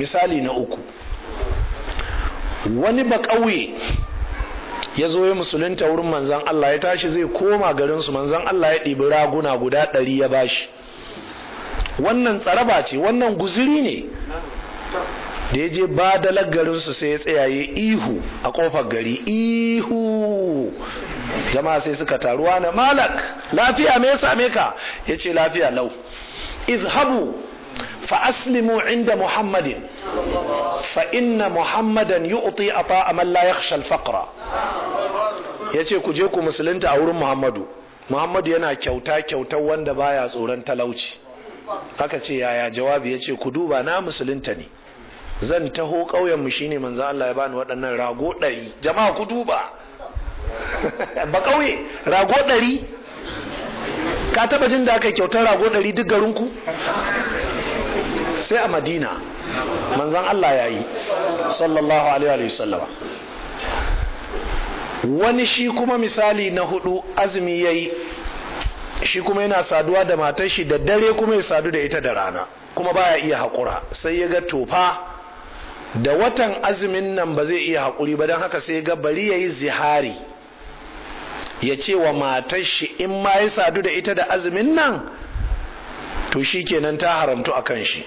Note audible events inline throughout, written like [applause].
misali na uku wani ba ƙauye ya zo ya musulunta wurin manzan Allah ya tashi zai koma garinsu manzan Allah ya ɗibi raguna guda ɗari ya bashi wannan tsaraba ce wannan guziri ne da ya je ba da garinsu sai ya tsayaye ihu a ƙofar gari ihu jama'a sai suka taruwa na malak lafiya me ya same ka ya ce lafiya lau izhabu فأسلموا عند محمد فإن محمدا يعطي أطاء من لا faƙara. Ya yace ku je ku musulunta a wurin Muhammadu Muhammadu yana kyauta kyautar wanda baya tsoron talauci Haka ce yaya jawabi yace ku duba na musulunta ne zan taho ƙauyen shine manzo Allah ya bani waɗannan rago ɗari jama'a ku duba ba ƙauye rago ɗari ka taba jin da aka kyautar rago ɗari duk garinku sai a madina manzan Allah ya yi sallallahu alaihi wa sallama wani shi kuma misali na hudu azumi ya yi shi kuma yana saduwa da matar shi da dare kuma ya sadu da ita da rana kuma baya iya haƙura sai ya ga tofa da watan azumin nan ba zai iya haƙuri ba don haka sai ya ga bari ya yi zihari ya ce wa matar shi in ma ya sadu da ita da azumin nan to shi kenan ta haramtu a kan shi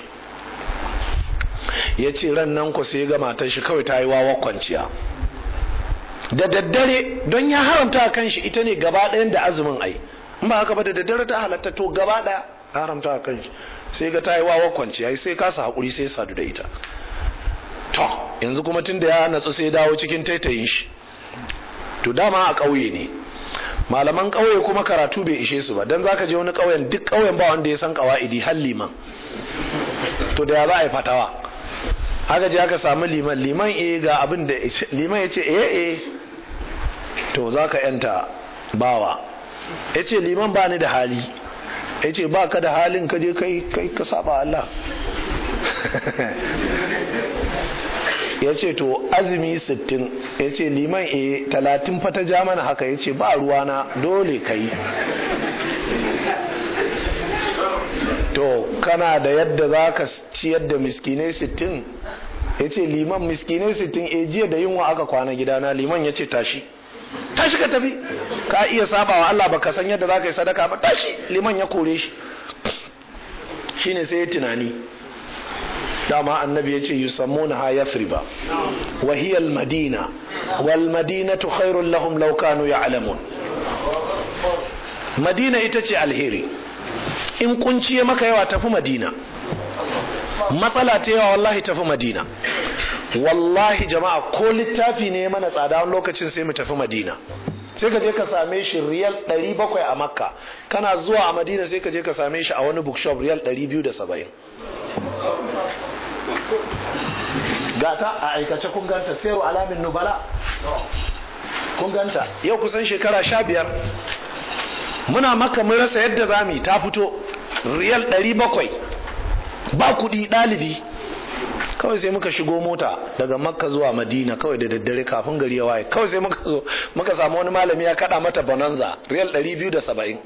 ya ce ran nan ku sai ga matar shi kawai ta yi wawa kwanciya da daddare don ya haramta kan shi ita ne gaba ɗayan da azumin ai in ba haka ba da daddare ta halatta to gaba ɗaya haramta kan shi sai ga ta yi wawa kwanciya sai kasa haƙuri sai sadu da ita to yanzu kuma tun da ya natsu sai dawo cikin taitayin shi to dama a ƙauye ne malaman ƙauye kuma karatu bai ishe su ba don za ka je wani ƙauyen duk ƙauyen ba wanda ya san ƙawa'idi har to da ya za a yi fatawa haka je aka samu liman liman eh ga abin da liman ya ce eh eh to za ka yanta bawa ya ce liman ba ni da hali ya ce ba ka da halin ka je kai kai ka saba Allah [laughs] ya ce to azumi sittin ya ce liman e talatin fata ja mana haka ya ce ba ruwana dole ka yi to kana da yadda za ka ciyar da miskinai sittin ya ce liman miskinai sittin e jiya da yunwa aka kwana gidana liman ya ce tashi tashi ka tafi ka iya sabawa Allah baka san yadda za ka yi sadaka ba tashi liman ya kore shi shine sai ya tunani dama annabi ya ce na ha yathriba wa hiya madina wal madinatu khairul lahum law kanu ya'lamun madina ita ce alheri in kunci ya maka yawa tafi madina matsala ta yawa wallahi tafi madina wallahi jama'a ko littafi ne mana tsada wani lokacin sai mu tafi madina sai ka je ka same shi riyal 700 a makka kana zuwa a madina sai ka je ka same shi a wani bookshop riyal 270 gata a aikace kun ganta sayar alamin nubala kun ganta yau kusan shekara sha biyar muna maka mun rasa yadda za mu yi ta fito riyal 700 ba kuɗi ɗalibi kawai sai muka shigo mota daga makka zuwa madina kawai da daddare kafin gari ya waye kawai sai muka zo muka samu wani malami ya kada mata bonanza riyal 270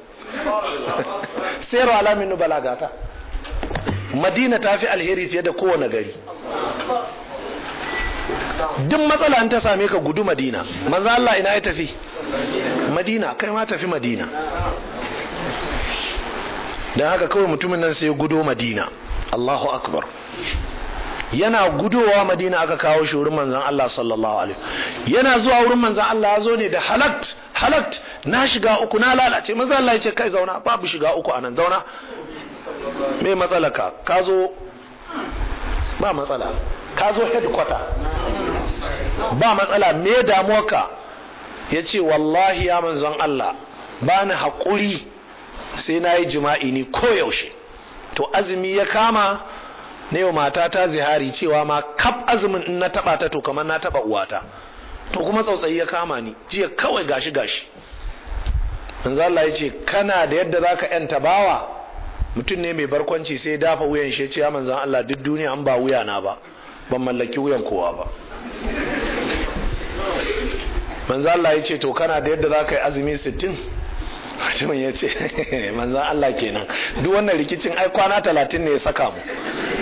Sero alamin balagata madina ta fi alheri fiye da kowane gari duk matsala an ta same ka gudu madina manzo Allah ina ya tafi madina kai ma tafi madina don haka kawai mutumin nan sai ya gudo madina Allahu akbar yana gudowa madina aka kawo shi wurin manzan Allah sallallahu alaihi yana zuwa wurin manzan Allah ya zo ne da halakt halakt na shiga uku na lalace manzan Allah ya ce kai zauna babu shiga uku anan zauna me matsala ka ka zo ba matsala ka zo headquarter ba matsala me damuwa ka ya ce wallahi ya manzan Allah ba ni haƙuri sai na yi jima'i ni koyaushe to azumi ya kama na yau matata zihari cewa ma kaf azumin in na taba ta to kamar na taba uwata to kuma tsautsayi ya kama ni jiya kawai gashi gashi za Allah ya ce kana da yadda zaka yanta bawa mutum ne mai barkwanci sai dafa wuyan shi ya ce ya manzan Allah duk duniya an ba wuya na ba ban mallaki wuyan kowa ba manzo Allah ya ce to kana da yadda za ka yi azumi sittin? mutum ya ce manzan Allah kenan duk wannan rikicin ai kwana talatin ne ya saka mu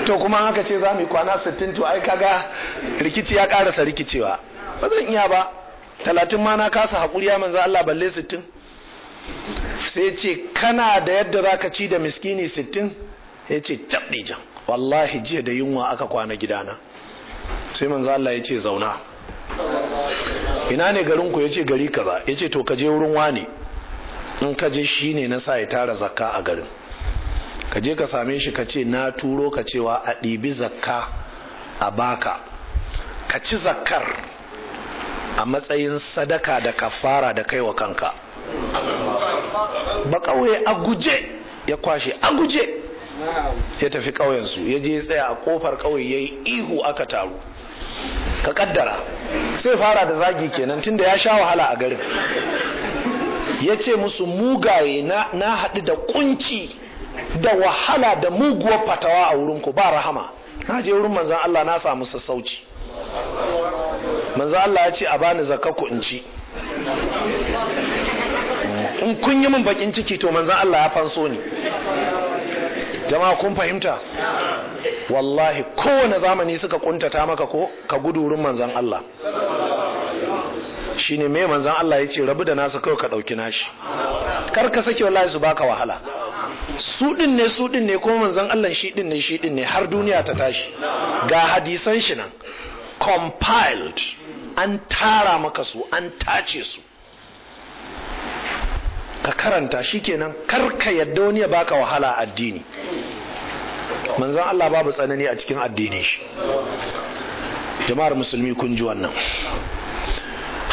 to kuma haka ce za mu yi kwana sittin to ai kaga rikici ya karasa rikicewa ba zan iya ba talatin ma na kasa haƙuri ya manzan Allah balle sittin sai ce kana da yadda za ka ci da miskini sittin ya ce jan wallahi jiya da yunwa aka kwana gidana sai manzan Allah ya ce zauna ina ne garinku ya ce gari kaza ya ce to ka je wurin wani in ka je shi ne na sa ya tara zakka a garin ka je ka same shi ka ce na turo ka cewa a ɗibi zakka a baka ka ci zakkar a matsayin sadaka da ka fara da kaiwa kanka ba ƙauye a guje ya kwashe a guje ya tafi ƙauyensu ya je tsaya a ƙofar ƙauye ya yi ihu aka taru ka kaddara sai fara da zagi kenan tunda ya sha wahala a garin ya ce musu mugaye na haɗu da kunci da wahala da muguwar fatawa a wurinku ba rahama na je wurin manzan Allah na samu sassauci manzan Allah ya ce a bani zaka in ci in kun yi min bakin ciki to manzan Allah ya fanso ni jama'a kun fahimta wallahi kowane zamani suka kuntata maka ko ka gudu wurin manzan Allah shine me manzon Allah ya ce rabu da nasu kawai ka ɗauki nashi kar ka sake wallahi su baka wahala su ɗin ne su ɗin ne kuma manzon Allah shi ɗin ne shi ɗin ne har duniya ta tashi ga hadisan shi nan compiled an tara maka su an tace su ka karanta shikenan kar ka yadda wani ya baka wahala a addini manzon Allah babu tsanani a cikin addinin shi jama'ar musulmi kun ji wannan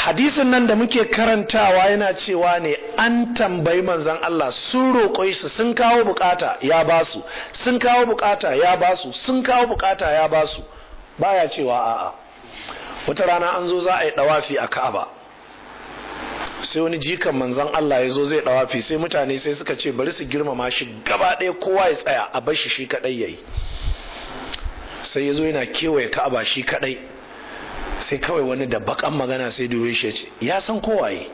hadisin nan da muke karantawa yana cewa ne an tambayi manzon Allah sun roƙo su sun kawo bukata ya basu sun kawo bukata ya basu sun kawo bukata ya basu baya cewa a'a wata rana an zo za a yi dawafi a Ka'aba sai wani jikan manzon Allah ya zo zai dawafi sai mutane sai suka ce bari su girmama shi gaba ɗaya kowa ya tsaya a bashi shi kaɗai kadai yayi sai ya zo yana kewaye Ka'aba shi kaɗai. sai kawai wani da bakan magana sai dure shi ce ya san kowaye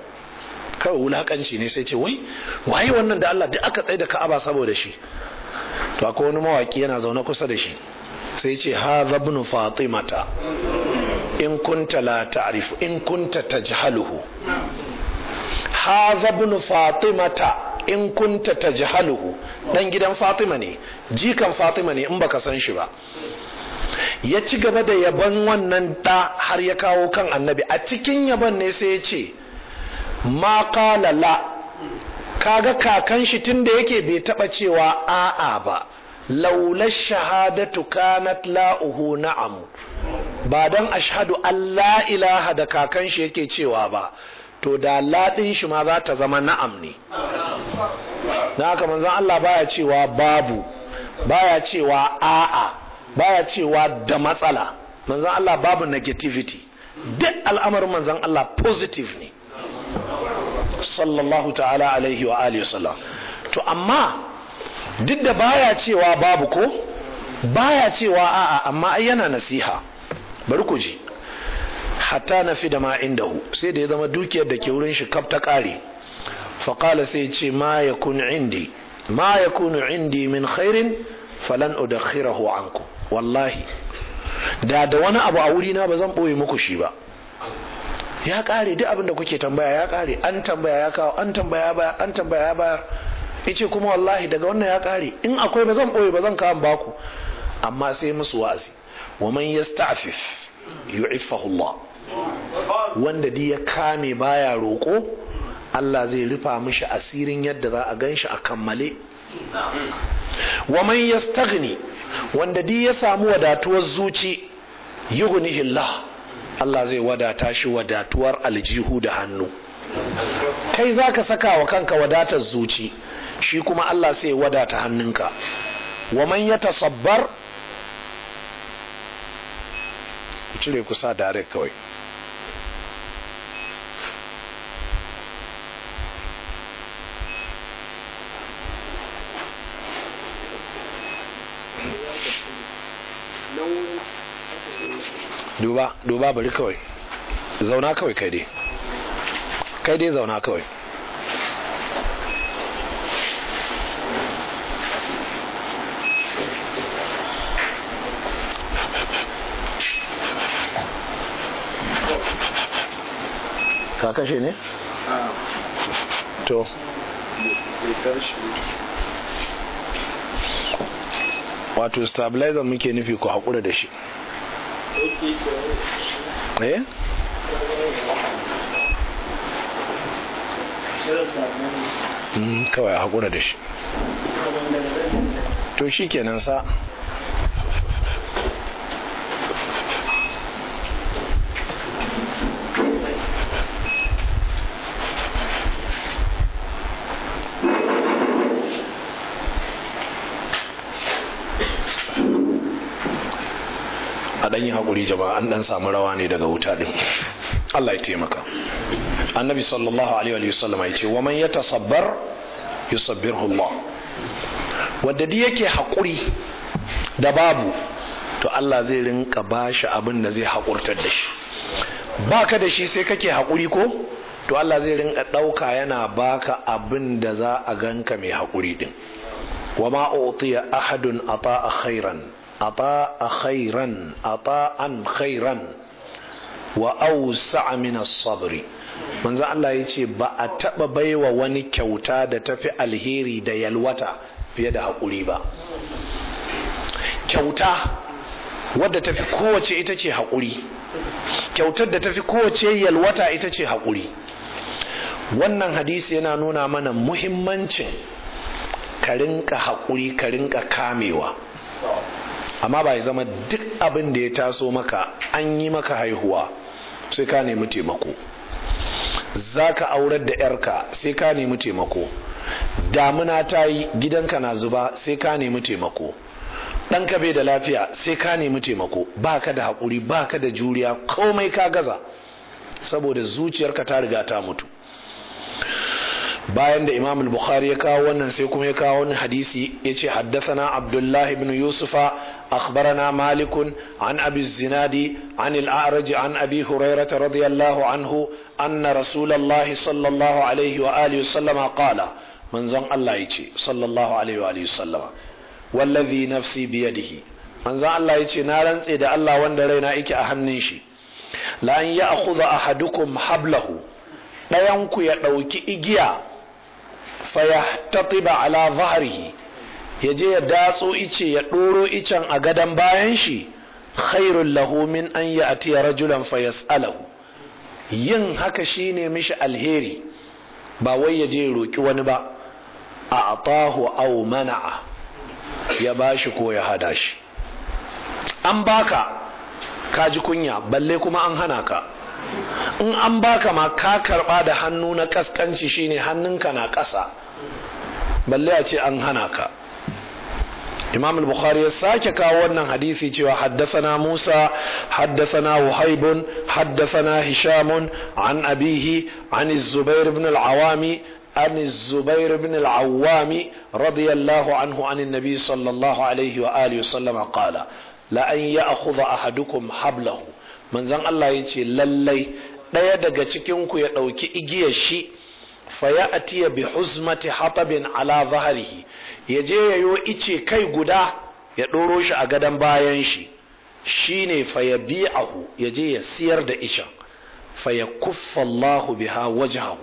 kawai wulakanci ne sai ce wai waye wannan da Allah duk aka tsaye da Ka'aba saboda shi to akwai wani mawaki yana zaune kusa da shi sai ce ha zabnu fatimata in kunta la ta'rifu in kunta tajhaluhu ha zabnu fatimata in kunta tajhaluhu dan gidan Fatima ne jikan Fatima ne in baka san shi ba ya ci gaba da yaban wannan ɗa har ya kawo kan annabi a cikin yaban ne sai ya ce ma la kaga kakan shi tun da yake bai taɓa cewa a'a ba laula shahadatu kanat la'uhu na'am ba dan ashhadu Allah ilaha da kakan shi yake cewa ba to da laɗin shi ma za ta zama na'am ne na haka manzon Allah baya cewa babu baya cewa a'a baya cewa da matsala manzon Allah babu negativity duk al'amarin manzon Allah positive ne sallallahu ta'ala alaihi wa alihi wasallam to amma duk da baya cewa babu ko baya cewa a'a amma ai yana nasiha bari ku ji hatta na fi da ma'in da sai da ya zama dukiyar da ke wurin shi kaf ta kare faƙala sai ce ma ya kunu indi ma ya kunu indi min khairin falan udakhirahu anku wallahi da da wani abu a wurina ba zan ɓoye muku shi ba ya ƙare duk abin da kuke tambaya ya ƙare an tambaya ya kawo an tambaya bayar, an tambaya ya bayar kuma wallahi daga wannan ya ƙare in akwai ba zan ɓoye ba zan kawo ba ku. amma sai musu wa'azi wa man yasta'fif yu'iffahu Allah wanda dai ya kame baya roƙo Allah zai rufa mishi asirin yadda za a ganshi a kammale wa man yastaghni wanda di ya samu wadatuwar zuci yughnihillah Allah zai wadata shi wadatuwar aljihu da hannu kai za ka saka wa kanka wadatar zuci shi kuma Allah sai wadata hannunka wa man ya tasabbar ku cire kusa direct kawai duba duba bari kawai zauna kawai kai dai kai dai zauna kawai ka kashe ne? to wato stabilizer muke nufi ku haƙura da shi Ne? Mm, kawai a haƙura da shi to shi kenan sa a yi hakuri jama'a an dan samu rawa ne daga wuta din. Allah ya taimaka annabi sallallahu alaihi wa sallam ya ce wa man yatasabbar yusabbirhu Allah wanda duk yake hakuri da babu to Allah zai rinka bashi abin da zai haƙurtar da shi baka da shi sai kake hakuri ko to Allah zai rinka ɗauka yana baka abin da za a ganka mai haƙuri din wa ma utiya ahadun ata'a khairan ata'a khairan ata'an khairan wa ausa min as-sabri manzo Allah ce ba a taɓa baiwa wani kyauta da tafi alheri da yalwata fiye da hakuri ba kyauta wadda tafi kowace ita ce hakuri kyautar da tafi kowace yalwata ita ce hakuri wannan hadisi yana nuna mana muhimmancin ka rinka haƙuri ka rinka kamewa amma ba ya zama duk abin da ya taso maka an yi maka haihuwa sai ka nemi taimako za ka aurar da yarka sai ka nemi taimako damuna ta yi gidanka na zuba sai ka nemi taimako ɗanka bai da lafiya sai ka nemi taimako ba ka da haƙuri ba ka da juriya komai ka gaza saboda zuciyarka ta riga ta mutu bayan da imam al-bukhari ya kawo wannan sai kuma ya kawo wannan hadisi ya ce haddathana abdullahi ibn yusufa akhbarana malikun an abi zinadi an al-a'raj an abi hurairata radiyallahu anhu anna rasulullahi sallallahu alaihi wa alihi sallama qala manzon Allah ya ce sallallahu alaihi wa alihi sallama wallazi nafsi biyadihi manzon Allah ya ce na rantse da Allah wanda raina yake a hannun shi la an ya'khudha ahadukum hablahu ɗayanku ya ɗauki igiya fayahtatiba ala zahrihi ya je ya datso icce ya ɗoro iccen a gadon bayan shi khairul lahu min an ya rajulan fayas'alahu yin haka shine mishi alheri ba wai ya je roki wani ba a atahu aw mana'a ya bashi ko ya hada shi an baka ka ji kunya balle kuma an hana ka in an baka ma ka karba da hannu na kaskanci shine hannunka na ƙasa balle a ce an hana ka imam al-bukhari ya sake kawo wannan hadisi cewa haddathana musa haddasana wahaibun haddasana hishamun an abihi an zubair ibn al-awami عن الزبير بن العوام رضي الله عنه عن النبي صلى الله عليه وآله وسلم قال لأن manzon Allah ya ce lallai ɗaya daga cikin ku ya ɗauki igiyar shi faya atiya bi huzmati hatabin ala zaharihi ya je ya yo ice kai guda ya ɗoro shi a gadon bayan shi shine faya fa ya je ya siyar da isha faya kuffa Allahu biha wajhahu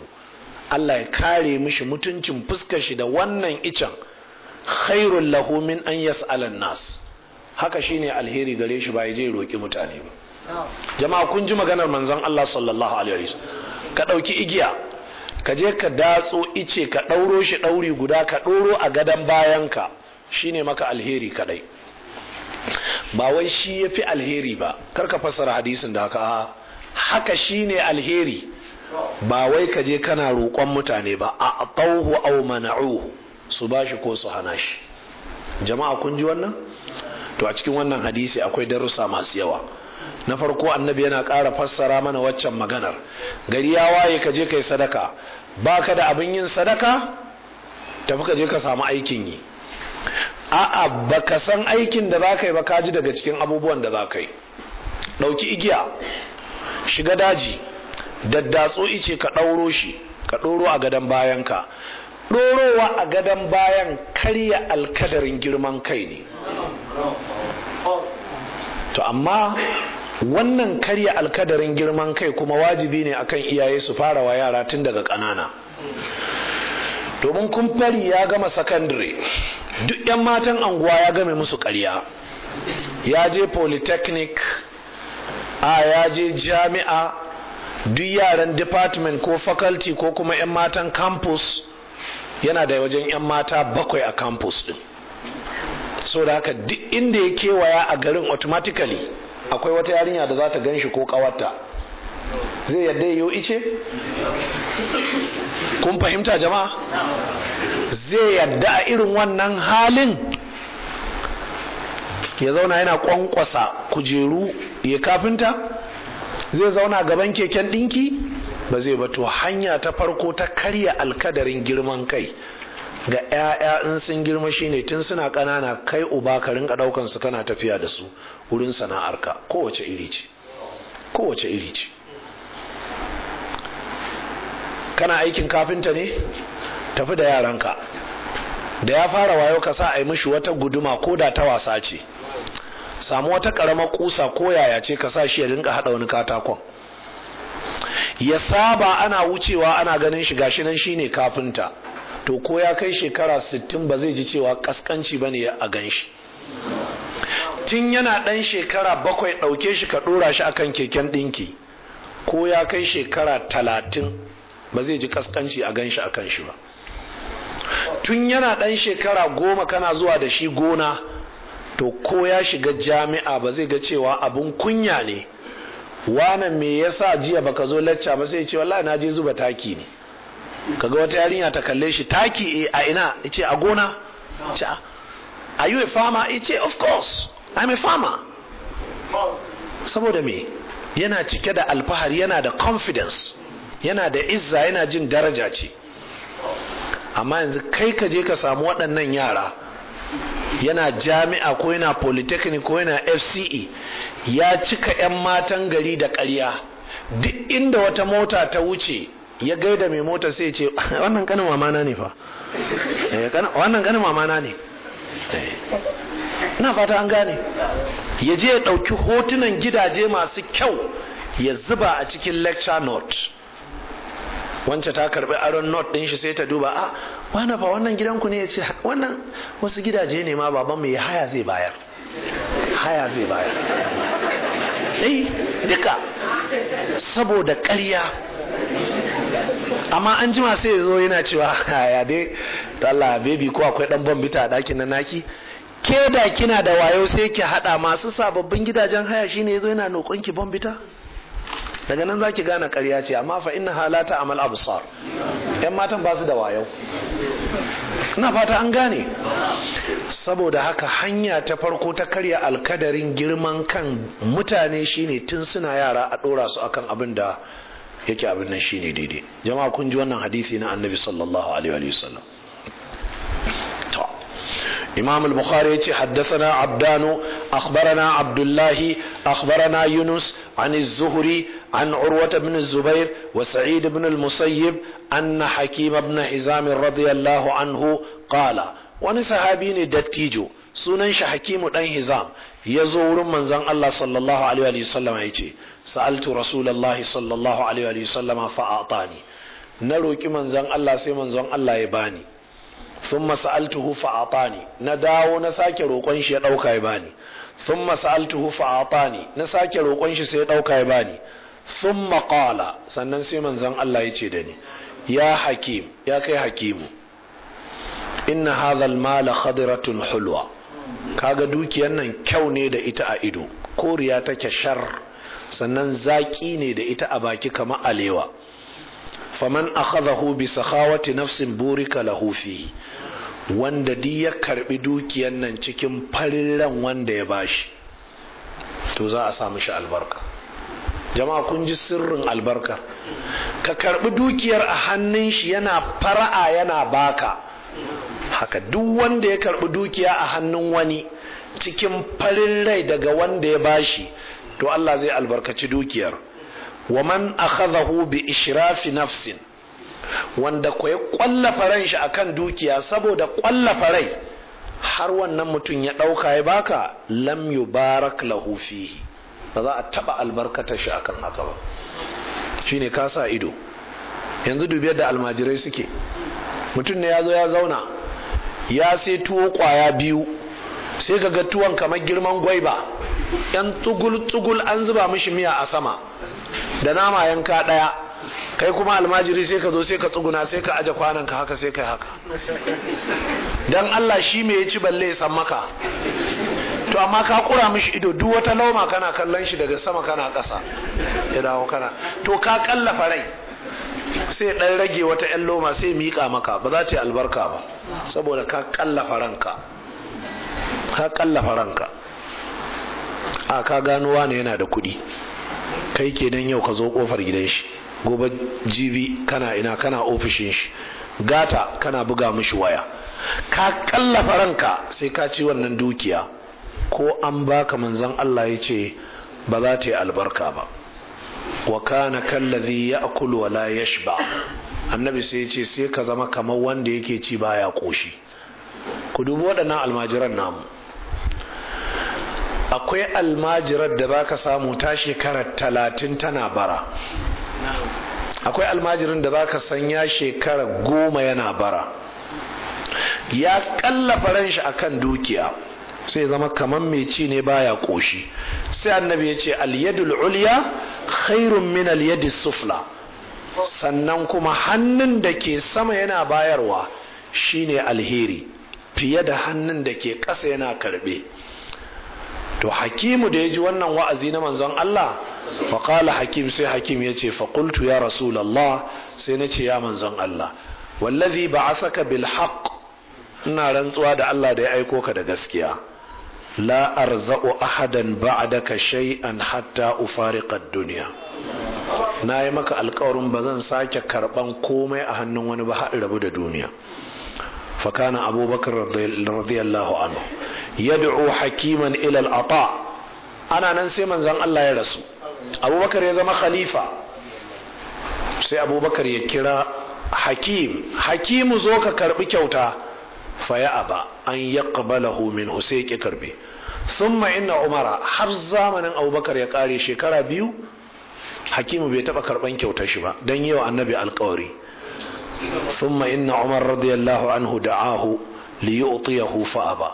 Allah ya kare mishi mutuncin fuskar shi da wannan icen khairul lahu min an yas'alan nas haka shine alheri gare shi ba ya je roki mutane ba jama'a kun ji maganar manzon Allah sallallahu alaihi wasallam ka dauki igiya ka je ka datso ice ka dauro shi dauri guda ka doro a gadan bayanka shine maka alheri kadai ba wai shi yafi alheri ba kar ka fassara hadisin da haka haka shine alheri ba wai ka je kana roƙon mutane ba a qawhu aw mana'uhu su bashi ko su hana shi jama'a kun ji wannan to a cikin wannan hadisi akwai darussa masu yawa na farko annabi yana ƙara fassara mana waccan maganar gari ya waye ka je yi sadaka ba ka da abin yin sadaka tafi ka je ka samu aikin yi a'a ka san aikin da za ka yi ba ka ji daga cikin abubuwan da za ka yi ɗauki igiya shiga daji daddatsu ice ka ɗauro shi ka ɗoro a gadon bayan ka, ɗorowa a gadon bayan karya alkadarin girman kai ne to amma wannan karya alkadarin girman kai kuma wajibi ne akan iyaye su fara wa yara tun daga ƙanana domin kun fari ya gama sakandare duk 'yan matan anguwa ya game musu karya ya je polytechnic a ya je jami'a duk yaran department ko faculty ko kuma 'yan matan campus yana da wajen 'yan mata bakwai a campus din so da haka duk inda ya kewaya a garin automatically akwai wata yarinya da za ta gan shi ko kawarta zai yadda yiwu ice kun fahimta jama'a zai yadda a irin wannan halin ya zauna yana kwankwasa kujeru ya kafinta zai zauna gaban keken dinki ba zai bato hanya ta farko ta karya alkadarin girman kai ga 'ya'ya in sun girma shine tun suna ƙanana kai uba ka rinka ɗaukan su kana tafiya da su wurin sana'arka kowace iri ce kowace iri ce kana aikin kafinta ne tafi da yaran ka. da ya fara wayo ka sa a yi mishi wata guduma ko da ta wasa ce samu wata ƙaramar kusa ko yaya ce ka sa shi ya rinka haɗa wani katakon ya saba ana wucewa ana ganin shi gashi nan shine kafinta to ko ya kai shekara sittin ba zai ji cewa kaskanci ba ne a gan shi tun yana ɗan shekara bakwai ɗauke shi ka ɗora shi akan keken ɗinki ko ya kai shekara talatin ba zai ji kaskanci a gan shi a kan shi ba tun yana ɗan shekara goma kana zuwa da shi gona to ko ya shiga jami'a ba zai ga cewa abun kunya ne wanan me yasa jiya baka zo lacca ba sai ce wallahi na je zuba taki ne kaga wata yarinya ta kalle shi taki eh, a ina yace a gona ce ah, are you a farmer of course i'm a farmer saboda me yana cike da alfahari yana da confidence yana da izza yana jin daraja ce amma yanzu kai ka je ka samu waɗannan yara yana jami'a ko yana polytechnic ko yana fce ya cika 'yan matan gari da ƙarya duk inda wata mota ta wuce ya gaida mai mota sai ce [laughs] wannan kanin mamana ne fa eh, wannan kanin mamana ne eh, na fata an gane ya je ya ɗauki hotunan gidaje masu kyau ya zuba a cikin lecture note wancan ta karbi aron note ɗin shi sai ta duba a ah, wani fa wannan gidanku ne ya ce wannan wasu gidaje ne ma baban mai haya zai bayar haya zai bayar eh duka saboda ƙarya amma an jima sai ya zo yana cewa ya dai Allah baby ko akwai dan bambita a ɗakin na naki ke da kina da wayo sai ki hada masu sababbin gidajen haya shine yazo yana nokon ki ta? daga nan zaki gane ƙarya ce amma fa inna halata amal absar yan matan ba su da wayo ina fata an gane saboda haka hanya ta farko ta karya alkadarin girman kan mutane shine tun suna yara a dora su akan abin da yake abin nan shine daidai jama'a kun ji wannan hadisi na annabi sallallahu alaihi wa sallam إمام البخاري حدثنا عبدان أخبرنا عبد الله أخبرنا يونس عن الزهري عن عروة بن الزبير وسعيد بن المسيب أن حكيم بن حزام رضي الله عنه قال wani sahabi ne dattijo sunan shi hakimu dan hizam ya zo wurin manzon Allah sallallahu alaihi wa sallama ya ce sa'altu rasulullahi sallallahu alaihi wa sallama fa atani na roki manzon Allah sai manzon Allah ya bani thumma sa'altuhu fa atani na dawo na sake roƙon shi ya dauka ya bani thumma sa'altuhu fa atani na sake roƙon shi sai ya dauka ya bani thumma qala sannan sai manzon Allah ya ce da ni ya hakim ya kai hakimu inna hadha al-mala khadiratun hulwa kaga dukiyar nan kyau ne da ita a ido koriya take shar sannan zaƙi ne da ita a baki kamar alewa faman akhadahu bi sakhawati nafsin burika lahu fi wanda di ya karbi dukiyar nan cikin farin ran wanda ya bashi to za a sa shi albarka jama'a kun ji sirrin albarka ka karbi dukiyar a hannun shi yana fara'a yana baka haka duk wanda ya karɓi dukiya a hannun wani cikin farin rai daga wanda ya bashi to Allah zai albarkaci dukiyar wa man akhadahu bi ishrafi nafsin wanda ko ya kwallafa ran shi akan dukiya saboda kwallafa rai har wannan mutum ya dauka ya baka lam yubarak lahu fihi ba za a taba albarkatar shi akan haka ba shine ka sa ido yanzu dubiyar da almajirai suke mutum ne ya zo ya zauna ya sai tuwo kwaya biyu sai ka ga tuwon kamar girman gwaiba yan tsugul-tsugul an zuba mishi miya a sama da nama yanka ɗaya kai kuma almajiri sai ka zo sai ka tsuguna sai ka aje kwanan haka sai kai haka Don Allah shi mai ya ci balle ya san maka to amma ka kura mishi ido duk wata lauma kana kallon shi daga sama kana ƙasa ya dawo kana to ka kallafa rai sai dan rage wata yan loma sai miƙa maka ba za ta yi albarka ba saboda ka kallafa ranka ka kallafa ranka a ka gano wane yana da kuɗi kai kenan yau ka zo kofar gidan shi gobe jibi kana ina kana ofishin shi gata kana buga mishi waya ka kallafa ranka sai ka ci wannan dukiya ko an baka manzon Allah ya ce ba za ta yi albarka ba wa kana kallazi ya'kul wa la yashba annabi sai ya ce sai ka zama kamar wanda yake ci baya koshi ku dubi waɗannan almajiran namu akwai almajirar da baka samu ta shekara talatin tana bara akwai almajirin da baka san ya shekara goma yana bara ya ƙalla ran shi akan dukiya sai zama kamar mai ci ne baya koshi sai annabi ya ce al-yadul ulya khairun min al sufla sannan kuma hannun da ke sama yana bayarwa shine alheri fiye da hannun da ke ƙasa yana karbe to hakimu da ya ji wannan wa'azi na manzon Allah faƙala hakim sai hakim ya ce faƙultu ya lalla sai na ce ya manzon Allah wallazi ba asaka bil haq ina rantsuwa da Allah da ya aiko ka da gaskiya la arza'u ahadan ba'daka shay'an hatta ufariqa ad-dunya na yi maka alkawarin ba zan sake karban komai a hannun wani ba haɗin rabu da duniya fakana abubakar radiyallahu anhu yad'u hakiman ila al-ata ana nan sai manzon Allah ya rasu abubakar ya zama khalifa sai abubakar ya kira hakim hakimu zo ka karbi kyauta فيأبى أن يقبله منه سيك كربي ثم إن Umar'a har zamanin Abubakar ya ƙare shekara biyu hakimu bai taɓa karɓan kyautar shi ba dan yau annabi alƙawari thumma inna umar radiyallahu anhu ahu li yu'tiyahu fa aba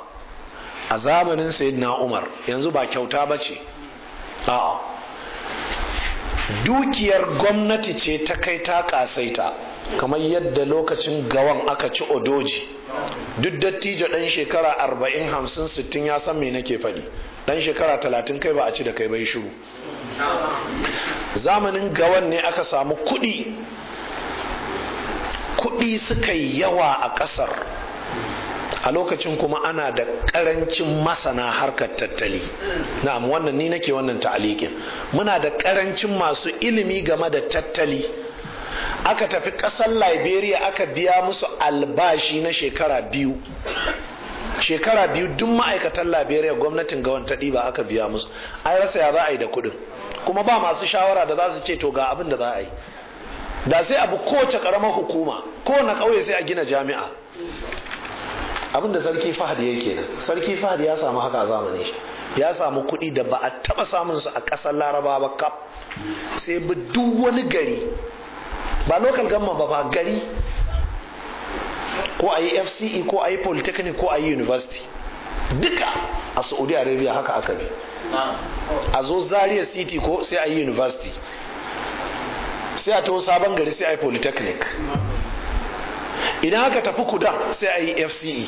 a zamanin na umar yanzu ba kyauta bace a'a dukiyar gwamnati ce ta kai ta kasaita kamar yadda lokacin gawan aka ci odoji duk dattijo dan shekara arba'in hamsin sittin ya san me nake faɗi dan shekara talatin kai ba a ci da kai bai shiru zamanin gawan ne aka samu kuɗi kuɗi suka yi yawa a ƙasar a lokacin kuma ana da ƙarancin masana harkar tattali na'am wannan ni nake wannan ta'alikin muna da ƙarancin masu ilimi game da tattali aka tafi ƙasar liberia aka biya musu albashi na shekara biyu shekara biyu duk ma'aikatan liberia gwamnatin gawan taɗi ba aka biya musu an rasa ya za a yi da kuɗin kuma ba masu shawara da za su ce to ga abin da za a yi da sai abu kowace ƙaramar hukuma kowane ƙauye sai a gina jami'a abin da sarki fahad ya ke nan, sarki fahad ya samu haka zamanin shi ya samu kuɗi da ba a taɓa samun su a ƙasar laraba ba kaf sai bi duk wani gari ba local gama ba ba gari ko a yi fce ko a yi polytechnic ko a yi university duka a saudi arabia haka aka bi a zo zaria city ko sai a yi university sai a taho sabon gari sai a yi polytechnic idan haka tafi kuda sai a yi fce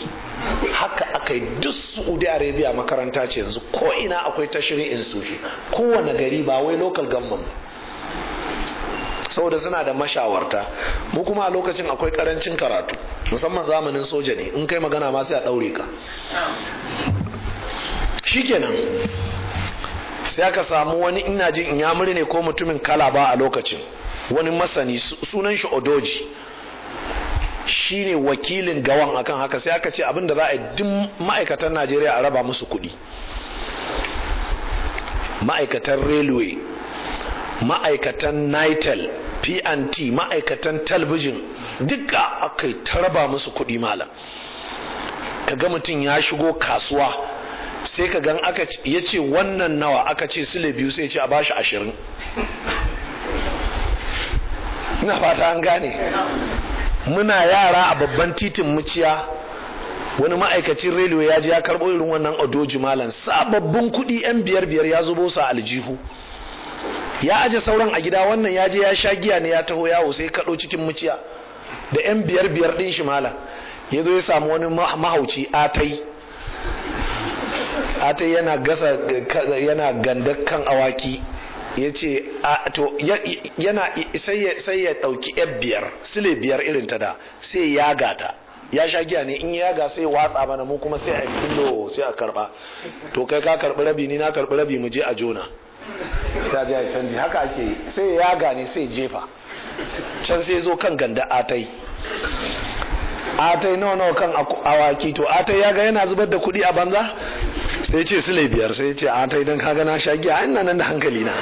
haka aka yi duk saudi arabia makaranta ce yanzu ko ina akwai tashirin institution kowane gari ba wai local government saboda suna da mashawarta mu kuma a lokacin akwai karancin karatu musamman zamanin soja ne in kai magana ma sai a daure ka shikenan sai aka samu wani ina jin in yamuri ne ko mutumin kala ba a lokacin wani masani sunan shi odoji shine wakilin gawan akan haka sai aka ce abinda da za a duk ma'aikatan najeriya a raba musu kuɗi ma'aikatan railway ma'aikatan nitel P&T ma'aikatan talbijin duka aka yi ta raba musu kuɗi malam kaga mutum ya shigo kasuwa sai ka gan aka ya ce wannan nawa aka ce sile biyu sai ce a bashi ashirin ina fata an gane muna yara a babban titin muciya wani ma'aikacin railway ya je ya karɓo irin wannan odoji malam sababbin kuɗi yan biyar biyar ya zubo su aljihu ya aje sauran a gida wannan ya je ya sha giya ne ya taho yawo sai kaɗo cikin muciya da yan biyar biyar ɗin shi mala ya zo ya samu wani mahauci atai atai yana gasa yana gandar kan awaki ya ce to yana sai ya ɗauki yan biyar sile biyar irin ta da sai ya gata ya sha giya ne in ya ga sai watsa mana mu kuma sai a filo sai a karba to kai ka karbi rabi ni na karbi rabi mu je a jona ta ji ya canji haka ake yi sai ya gane sai jefa can sai zo kan ganda atai atai nawa nawa kan awaki to atai ya ga yana zubar da kuɗi a banza sai ce sule biyar sai ce atai don kaga na shagi a ina nan da hankali na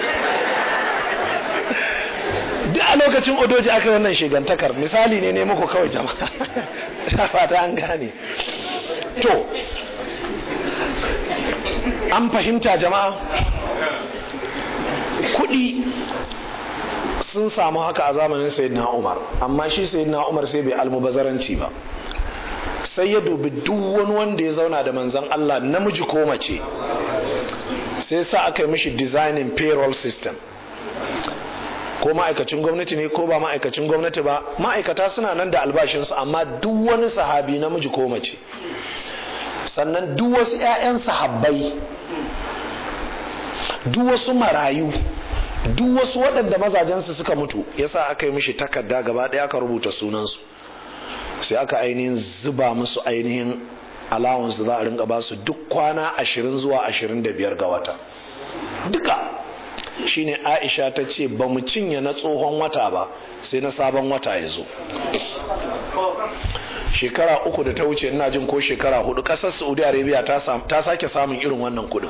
duk a lokacin odoji aka yi wannan shigantakar misali ne ne muku kawai jama'a [laughs] fata an gane to an fahimta jama'a kuɗi sun samu haka a zamanin sayyidina umar amma shi sayyidina umar sai bai almubazaranci ba sai ya dubi duk wani wanda ya zauna da manzan Allah namiji ko mace sai sa aka yi mishi designing payroll system ko ma'aikacin gwamnati ne ko ba ma'aikacin gwamnati ba ma'aikata suna nan da albashinsu amma duk wani sahabi namiji ko mace sannan duk wasu 'ya'yan sahabbai duk wasu marayu duk wasu waɗanda mazajensu suka mutu yasa aka yi mishi takarda gaba ɗaya aka rubuta sunansu sai aka ainihin zuba musu ainihin alawansu za a rinka ba su duk kwana ashirin zuwa ashirin da biyar ga wata duka shine aisha ta ce ba mu cinye na tsohon wata ba sai na sabon wata ya zo shekara uku da ta wuce ina jin ko shekara hudu ƙasar saudi arabia ta sake samun irin wannan kudin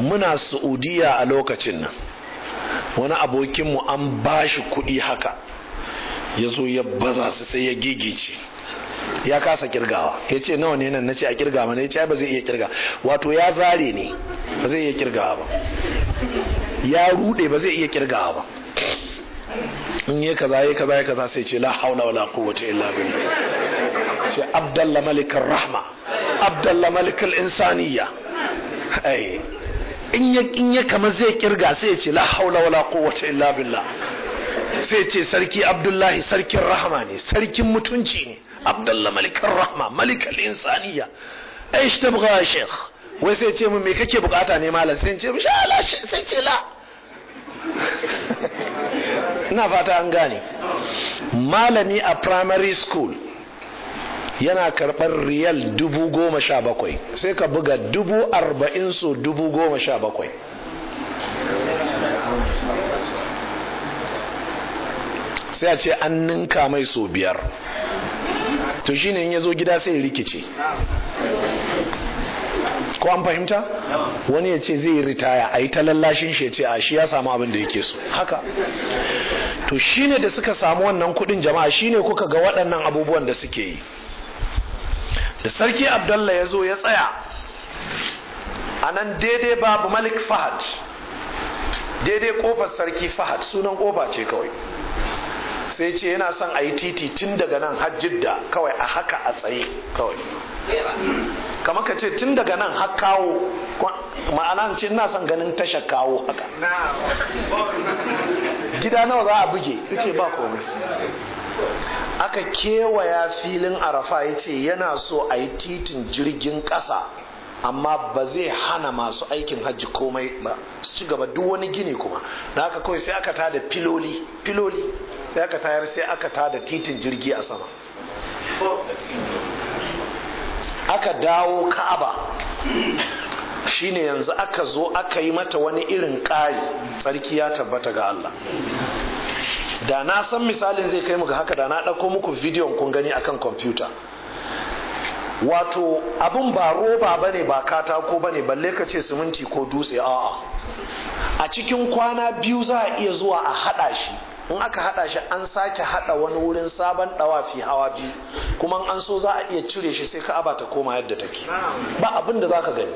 muna saudiya a lokacin nan wani abokinmu an ba shi kuɗi haka ya zo ya baza su sai ya gigice ya kasa kirgawa ya ce nawa ne nan na ce a kirga mana ya ce ba zai iya kirga wato ya zare ne ba zai iya kirgawa ba ya rude ba zai iya kirgawa ba in yi kaza yi kaza yi kaza sai ce la haula wala quwwata illa billah ce abdalla malikar rahma abdalla malikal insaniya ai in ya kama zai kirga sai ya ce la haula wala quwwata illa billah sai ce sarki abdullahi sarkin rahama ne sarkin mutunci ne abdullahi Malikar rahama malikal insaniya shi tabga sheikh wai sai ce mu me kake bukata ne malam sai ce insha Allah sai ce la [laughs] ina fata an gane malami a primary school yana karɓar riyal dubu goma sha bakwai sai ka buga dubu arba'in so dubu goma sha bakwai sai a ce an ninka mai so biyar to shine in ya zo gida sai rikici ko an fahimta wani ya ce zai ritaya a yi ta lallashin shi ce a shi ya samu abin da yake so haka to shine da suka samu wannan kudin jama'a shine kuka ga waɗannan abubuwan da suke yi da sarki abdullah ya zo ya tsaya a nan daidai babu malik fahad daidai kofar sarki fahad sunan kofa ce kawai sai ce yana son a yi titi tun daga nan hajjidda kawai a haka a tsaye kawai kama ka ce tun daga nan har kawo ma'ana ce ina son ganin tasha kawo haka gida nawa za a buge ce ba komai aka kewaya filin arafa ya ce yana so a yi titin jirgin ƙasa amma ba zai hana masu aikin hajji komai ba su ci gaba duk wani gini kuma na aka kawai sai aka tada filoli filoli sai aka tayar sai aka ta da titin jirgi a sama aka dawo ka'aba shine yanzu aka zo aka yi mata wani irin ƙari tsarki ya tabbata ga Allah da na san misalin zai kai mu ga haka da na ɗauko muku bidiyon kun gani akan kwamfuta wato abin ba roba ba ne ba katako ba ne balle ka ce siminti ko dutse a'a a cikin kwana biyu za a iya zuwa a haɗa shi in aka haɗa shi an sake haɗa wani wurin sabon ɗawafi hawa biyu kuma an so za a iya cire shi sai ka abata ta koma yadda take ba abin da za ka gani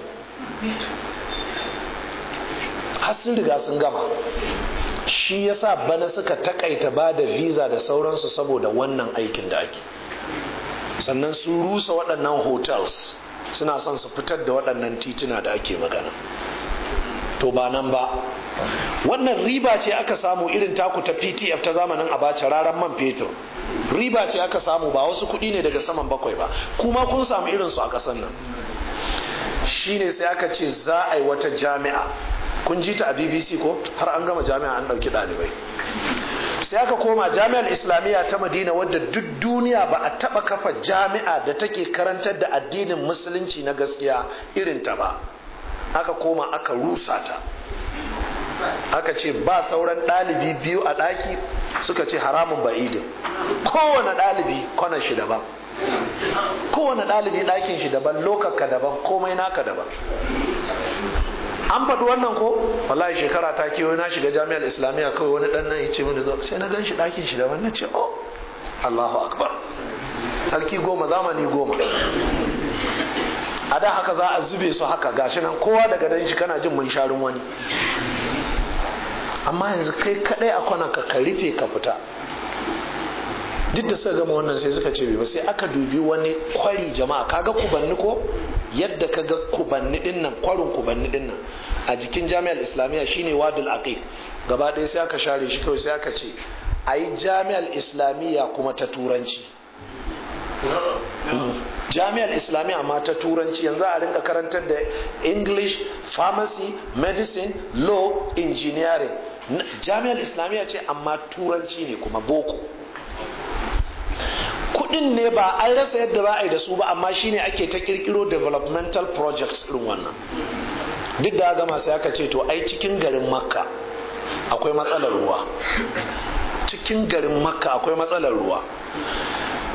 har sun riga sun gama shi ya sa bana suka takaita ba da visa da sauransu saboda wannan aikin da ake sannan sun rusa waɗannan hotels suna son su fitar da waɗannan tituna da ake magana to ba nan ba wannan riba ce aka samu irin taku ta ptf ta zamanin abacha raran man fetur riba ce aka samu ba wasu kuɗi ne daga saman bakwai ba kuma kun samu irinsu a ƙasan nan shine sai aka ce za a yi wata jami'a kun ji ta a bbc ko har an gama jami'a an ɗauki ɗalibai sai aka koma jami'ar islamiyya ta madina wadda duk duniya ba a taɓa kafa jami'a da take karantar da addinin musulunci na gaskiya irin ta ba aka koma aka rusa ta aka ce ba sauran ɗalibi biyu a ɗaki suka ce haramun ba'idin kowane ɗalibi kwanan shi daban kowane ɗalibi ɗakin shi daban lokaka daban komai naka daban an faɗi wannan ko wallahi shekara ta kewa na shiga jami'ar islamiyya kawai wani ɗan nan ya ce mini sai na gan shi shi da wannan ce oh allahu akbar sarki goma zamani goma a da haka za a zube su haka gashi nan kowa daga dan shi kana jin mun sharin wani amma yanzu kai kadai a kwana ka ka rufe ka fita duk da suka gama wannan sai suka ce bai ba sai aka dubi wani kwari jama'a kaga kubanni ko yadda kaga kubanni din nan kwarin kubanni din nan a jikin jami'ar islamiyya shine wadul aqiq gaba ɗaya sai aka share shi kawai sai aka ce ayi jami'ar islamiyya kuma ta turanci jami'ar islamiyya ma ta turanci yanzu a rinka karantar da english pharmacy medicine law engineering jami'ar islamiyya ce amma turanci ne kuma boko kudin ne ba an rasa yadda ba a yi da su ba amma shi ne ake ta kirkiro developmental projects irin wannan duk da gama sai aka ce to ai cikin garin makka akwai matsalar ruwa cikin garin makka akwai matsalar ruwa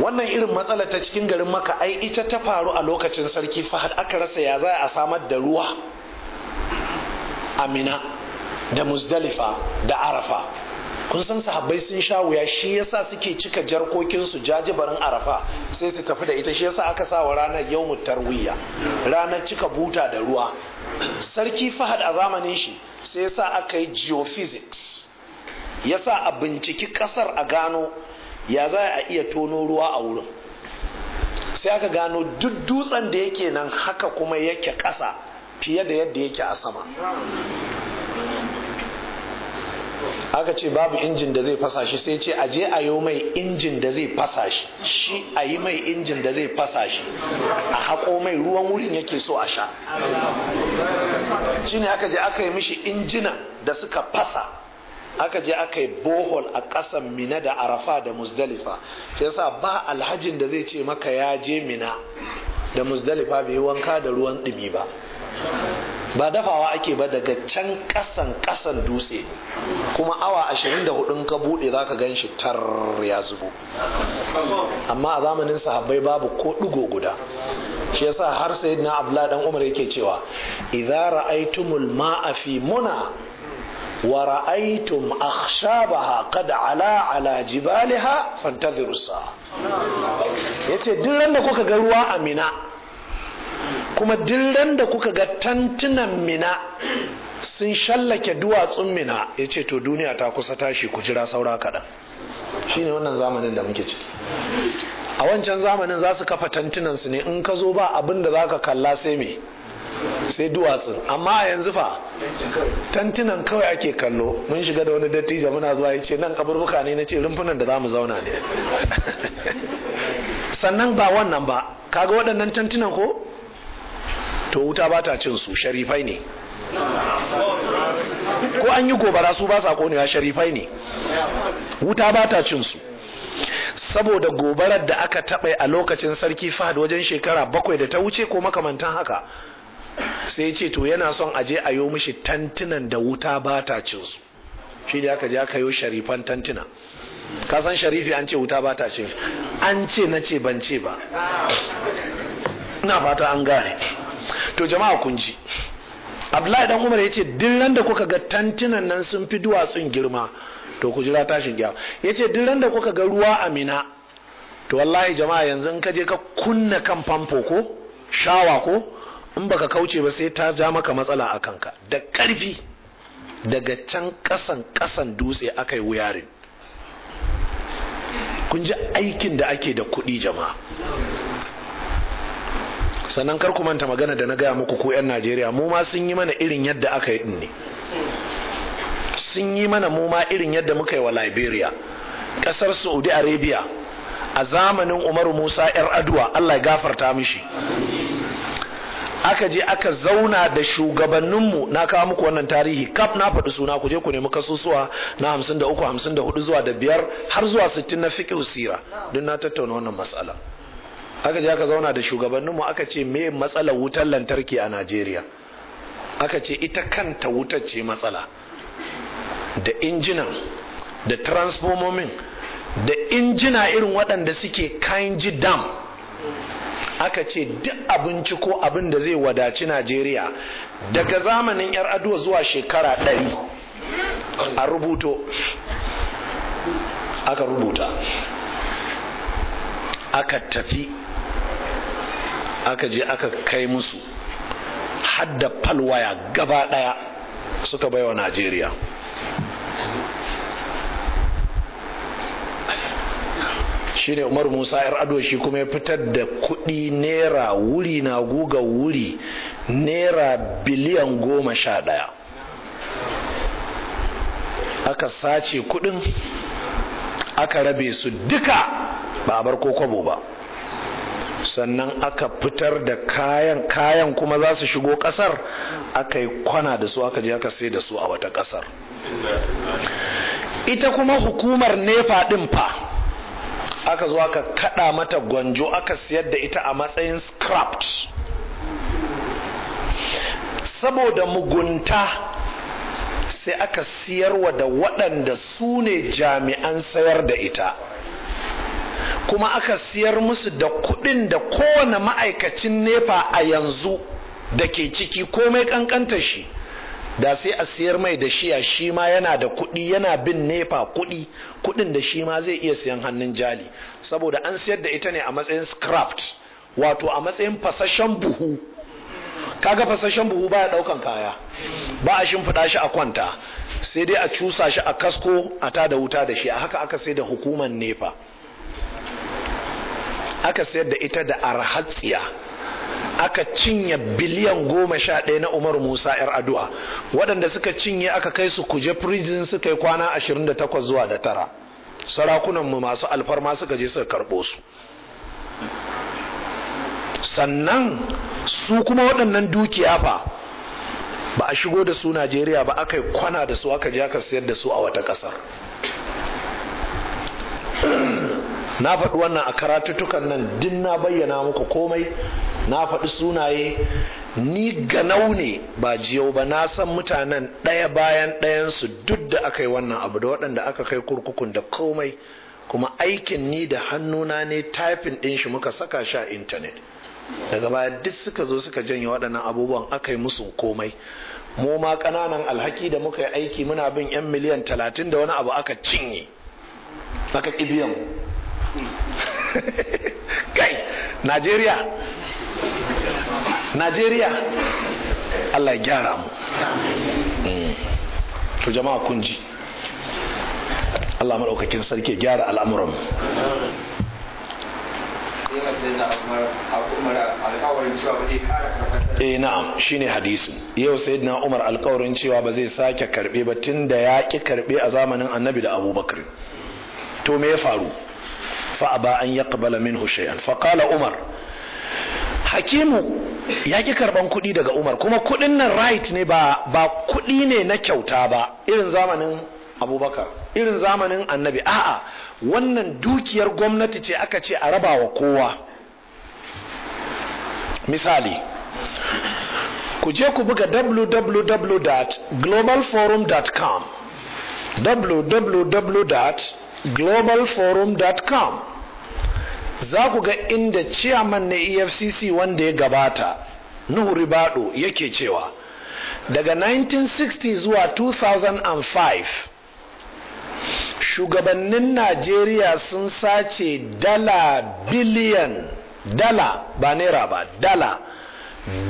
wannan irin matsalar ta cikin garin makka ai ita ta faru a lokacin sarki fahad aka rasa ya za a samar da ruwa amina da muzdalifa da arafa kun san sahabbai sun sha wuya shi yasa suke cika jarkokin su jajibarin arafa sai su tafi da ita shi yasa aka sa wa ranar yau tarwiya ranar cika buta da ruwa sarki fahad a zamanin shi sai yasa aka yi geophysics yasa a binciki kasar a gano ya za a iya tono ruwa a wurin sai aka gano duk dutsen da yake nan haka kuma yake ƙasa fiye da yadda yake a sama aka ce babu injin da zai fasa shi sai ce aje a yi mai injin da zai fasa shi shi a yi mai injin da zai fasa shi a haƙo mai ruwan wurin yake so a sha ne aka je aka yi mishi injina da suka fasa aka je aka yi bohol a ƙasan mina da arafa da musdalifa sai yasa ba alhajin da zai ce maka ya je mina da musdalifa bai wanka da ruwan ɗumi ba ba dafawa ake ba daga can kasan kasan dutse kuma awa ashirin da 24 ka bude zaka gan shi tar ya zubo amma a zamanin sahabbai babu ko ɗigo guda shi yasa har na abla dan umar yake cewa idza ra'aytumul ma'a fi muna wa ra'aytum akhshabaha qad ala ala jibaliha fantaziru yace duk ran kuka ga ruwa a mina kuma dillan da kuka ga tantunan mina sun shallake duwatsun mina ya ce to duniya ta kusa tashi ku jira saura kaɗan ne wannan zamanin da muke ciki a wancan zamanin za su kafa tantunansu ne in ka zo ba abin da za ka kalla sai me sai duwatsun amma a yanzu fa tantunan kawai ake kallo mun shiga da wani dattijo muna zuwa ya ce nan kaburbuka ne na ce rumfunan da za mu zauna ne [laughs] sannan ba wannan ba kaga waɗannan tantunan ko to wuta ba ta cin su sharifai ne ko an yi gobara su ba sa konewa sharifai ne wuta ba ta cin su saboda gobarar da aka taɓa a lokacin sarki fahad wajen shekara bakwai da ta wuce ko makamantan haka sai ce to yana son aje a yo mishi tantunan da wuta ba ta cin su shi da aka je aka yo sharifan tantuna ka san sharifi an ce wuta ba ta cin an ce na ce ban ce ba ina fata an gane to jama'a kun ji abdullahi dan umar ya ce dillan da kuka ga tantunan nan sun fi duwatsun girma to ku jira tashin gyawa ya ce dillan da kuka ga ruwa a mina to wallahi jama'a yanzu in ka je ka kunna kan famfo ko shawa ko in baka kauce ba sai ta ja maka matsala a kanka da ƙarfi daga can ƙasan ƙasan dutse aka yi wuyarin kun ji aikin da ake da kuɗi jama'a sannan kar ku manta magana da na gaya muku ko 'yan najeriya mu ma sun yi mana irin yadda aka yi din ne sun yi mana mu ma irin yadda muka yi wa liberia ƙasar saudi arabia a zamanin umaru musa 'yar aduwa allah ya gafarta mishi aka je aka zauna da shugabanninmu na kawo muku wannan tarihi kaf na faɗi suna ku je ku nemi kasusuwa na 53 54 zuwa da biyar har zuwa 60 na fiqh usira don na tattauna wannan matsala aka je aka zauna da shugabanninmu aka ce me matsalar wutar lantarki a najeriya aka ce ita kanta wutar ce matsala da injinan da transformomin da injina irin waɗanda suke kanji dam aka ce duk abinci ko abin da zai wadaci najeriya daga zamanin yar aduwa zuwa shekara ɗari a rubuto aka rubuta aka tafi aka je aka kai musu hadda falwaya gaba daya suka baiwa najeriya shi ne umar musa yar ado shi kuma ya fitar da kuɗi nera wuri na guga wuri nera biliyan goma sha ɗaya aka sace kuɗin aka rabe su duka ba a bar ko kwabo ba sannan aka fitar da kayan kayan kuma za su shigo kasar aka yi kwana da su aka je aka sai da su a wata kasar ita kuma hukumar nefa din fa aka zo aka kada mata gwanjo aka siyar da ita a matsayin scrapped saboda mugunta sai aka siyarwa da waɗanda su ne jami'an sayar da ita kuma aka siyar musu da kuɗin da kowane ma'aikacin nefa a yanzu da ke ciki komai ƙanƙantar shi da sai a siyar mai da shiya shi ma yana da kuɗi yana bin nefa kuɗi kuɗin da shi ma zai iya siyan hannun jali saboda an siyar da ita ne a matsayin scraft, wato a matsayin fasashen buhu kaga fasashen buhu baya ɗaukan kaya ba a shimfiɗa shi a kwanta sai dai a cusa shi a kasko a ta da wuta da shi a haka aka sai da hukumar nefa aka sayar da ita da arhatsiya aka cinye biliyan goma sha ɗaya na umar musa yar addu'a waɗanda suka cinye aka kai su kuje prison suka yi kwana ashirin da takwas zuwa da tara sarakunan mu masu alfarma suka je suka karɓo su sannan su kuma waɗannan dukiya fa ba a shigo da su najeriya ba aka yi kwana da su aka je aka sayar da su a wata ƙasar na faɗi wannan a karatuttukan nan din na bayyana muku komai na faɗi sunaye ni ganau ne ba jiyau ba na san mutanen ɗaya bayan ɗayansu duk da aka yi wannan abu da waɗanda aka kai kurkukun da komai kuma aikin ni da hannuna ne typing ɗin shi muka saka shi a intanet daga baya duk suka zo suka janye waɗannan abubuwan aka yi musu komai mu ma ƙananan alhaki da muka yi aiki muna bin 'yan miliyan talatin da wani abu aka cinye aka ƙibiyan [laughs] kai najeriya najeriya allah ya gyara mu mm. to jama'a kun ji allah maɗaukakin sarki gyara al'amuran eh na'am shine hadisin yau sayyidina umar alkawarin cewa ba zai sake karbe ba tunda ya ki karbe a zamanin annabi da abubakar to me ya faru فأبى أن يقبل منه شيئا فقال عمر hakimu ya ki karban kuɗi daga umar kuma kuɗin nan right ne ba ba kuɗi ne na kyauta ba irin zamanin abubakar irin zamanin annabi a'a wannan dukiyar gwamnati ce aka ce a raba wa kowa misali ku je ku buga www.globalforum.com www.globalforum.com za ku ga inda ciyaman na efcc wanda ya gabata nuhu ribado yake cewa daga 1960 zuwa 2005 shugabannin najeriya sun sace dala biliyan dala ba naira ba dala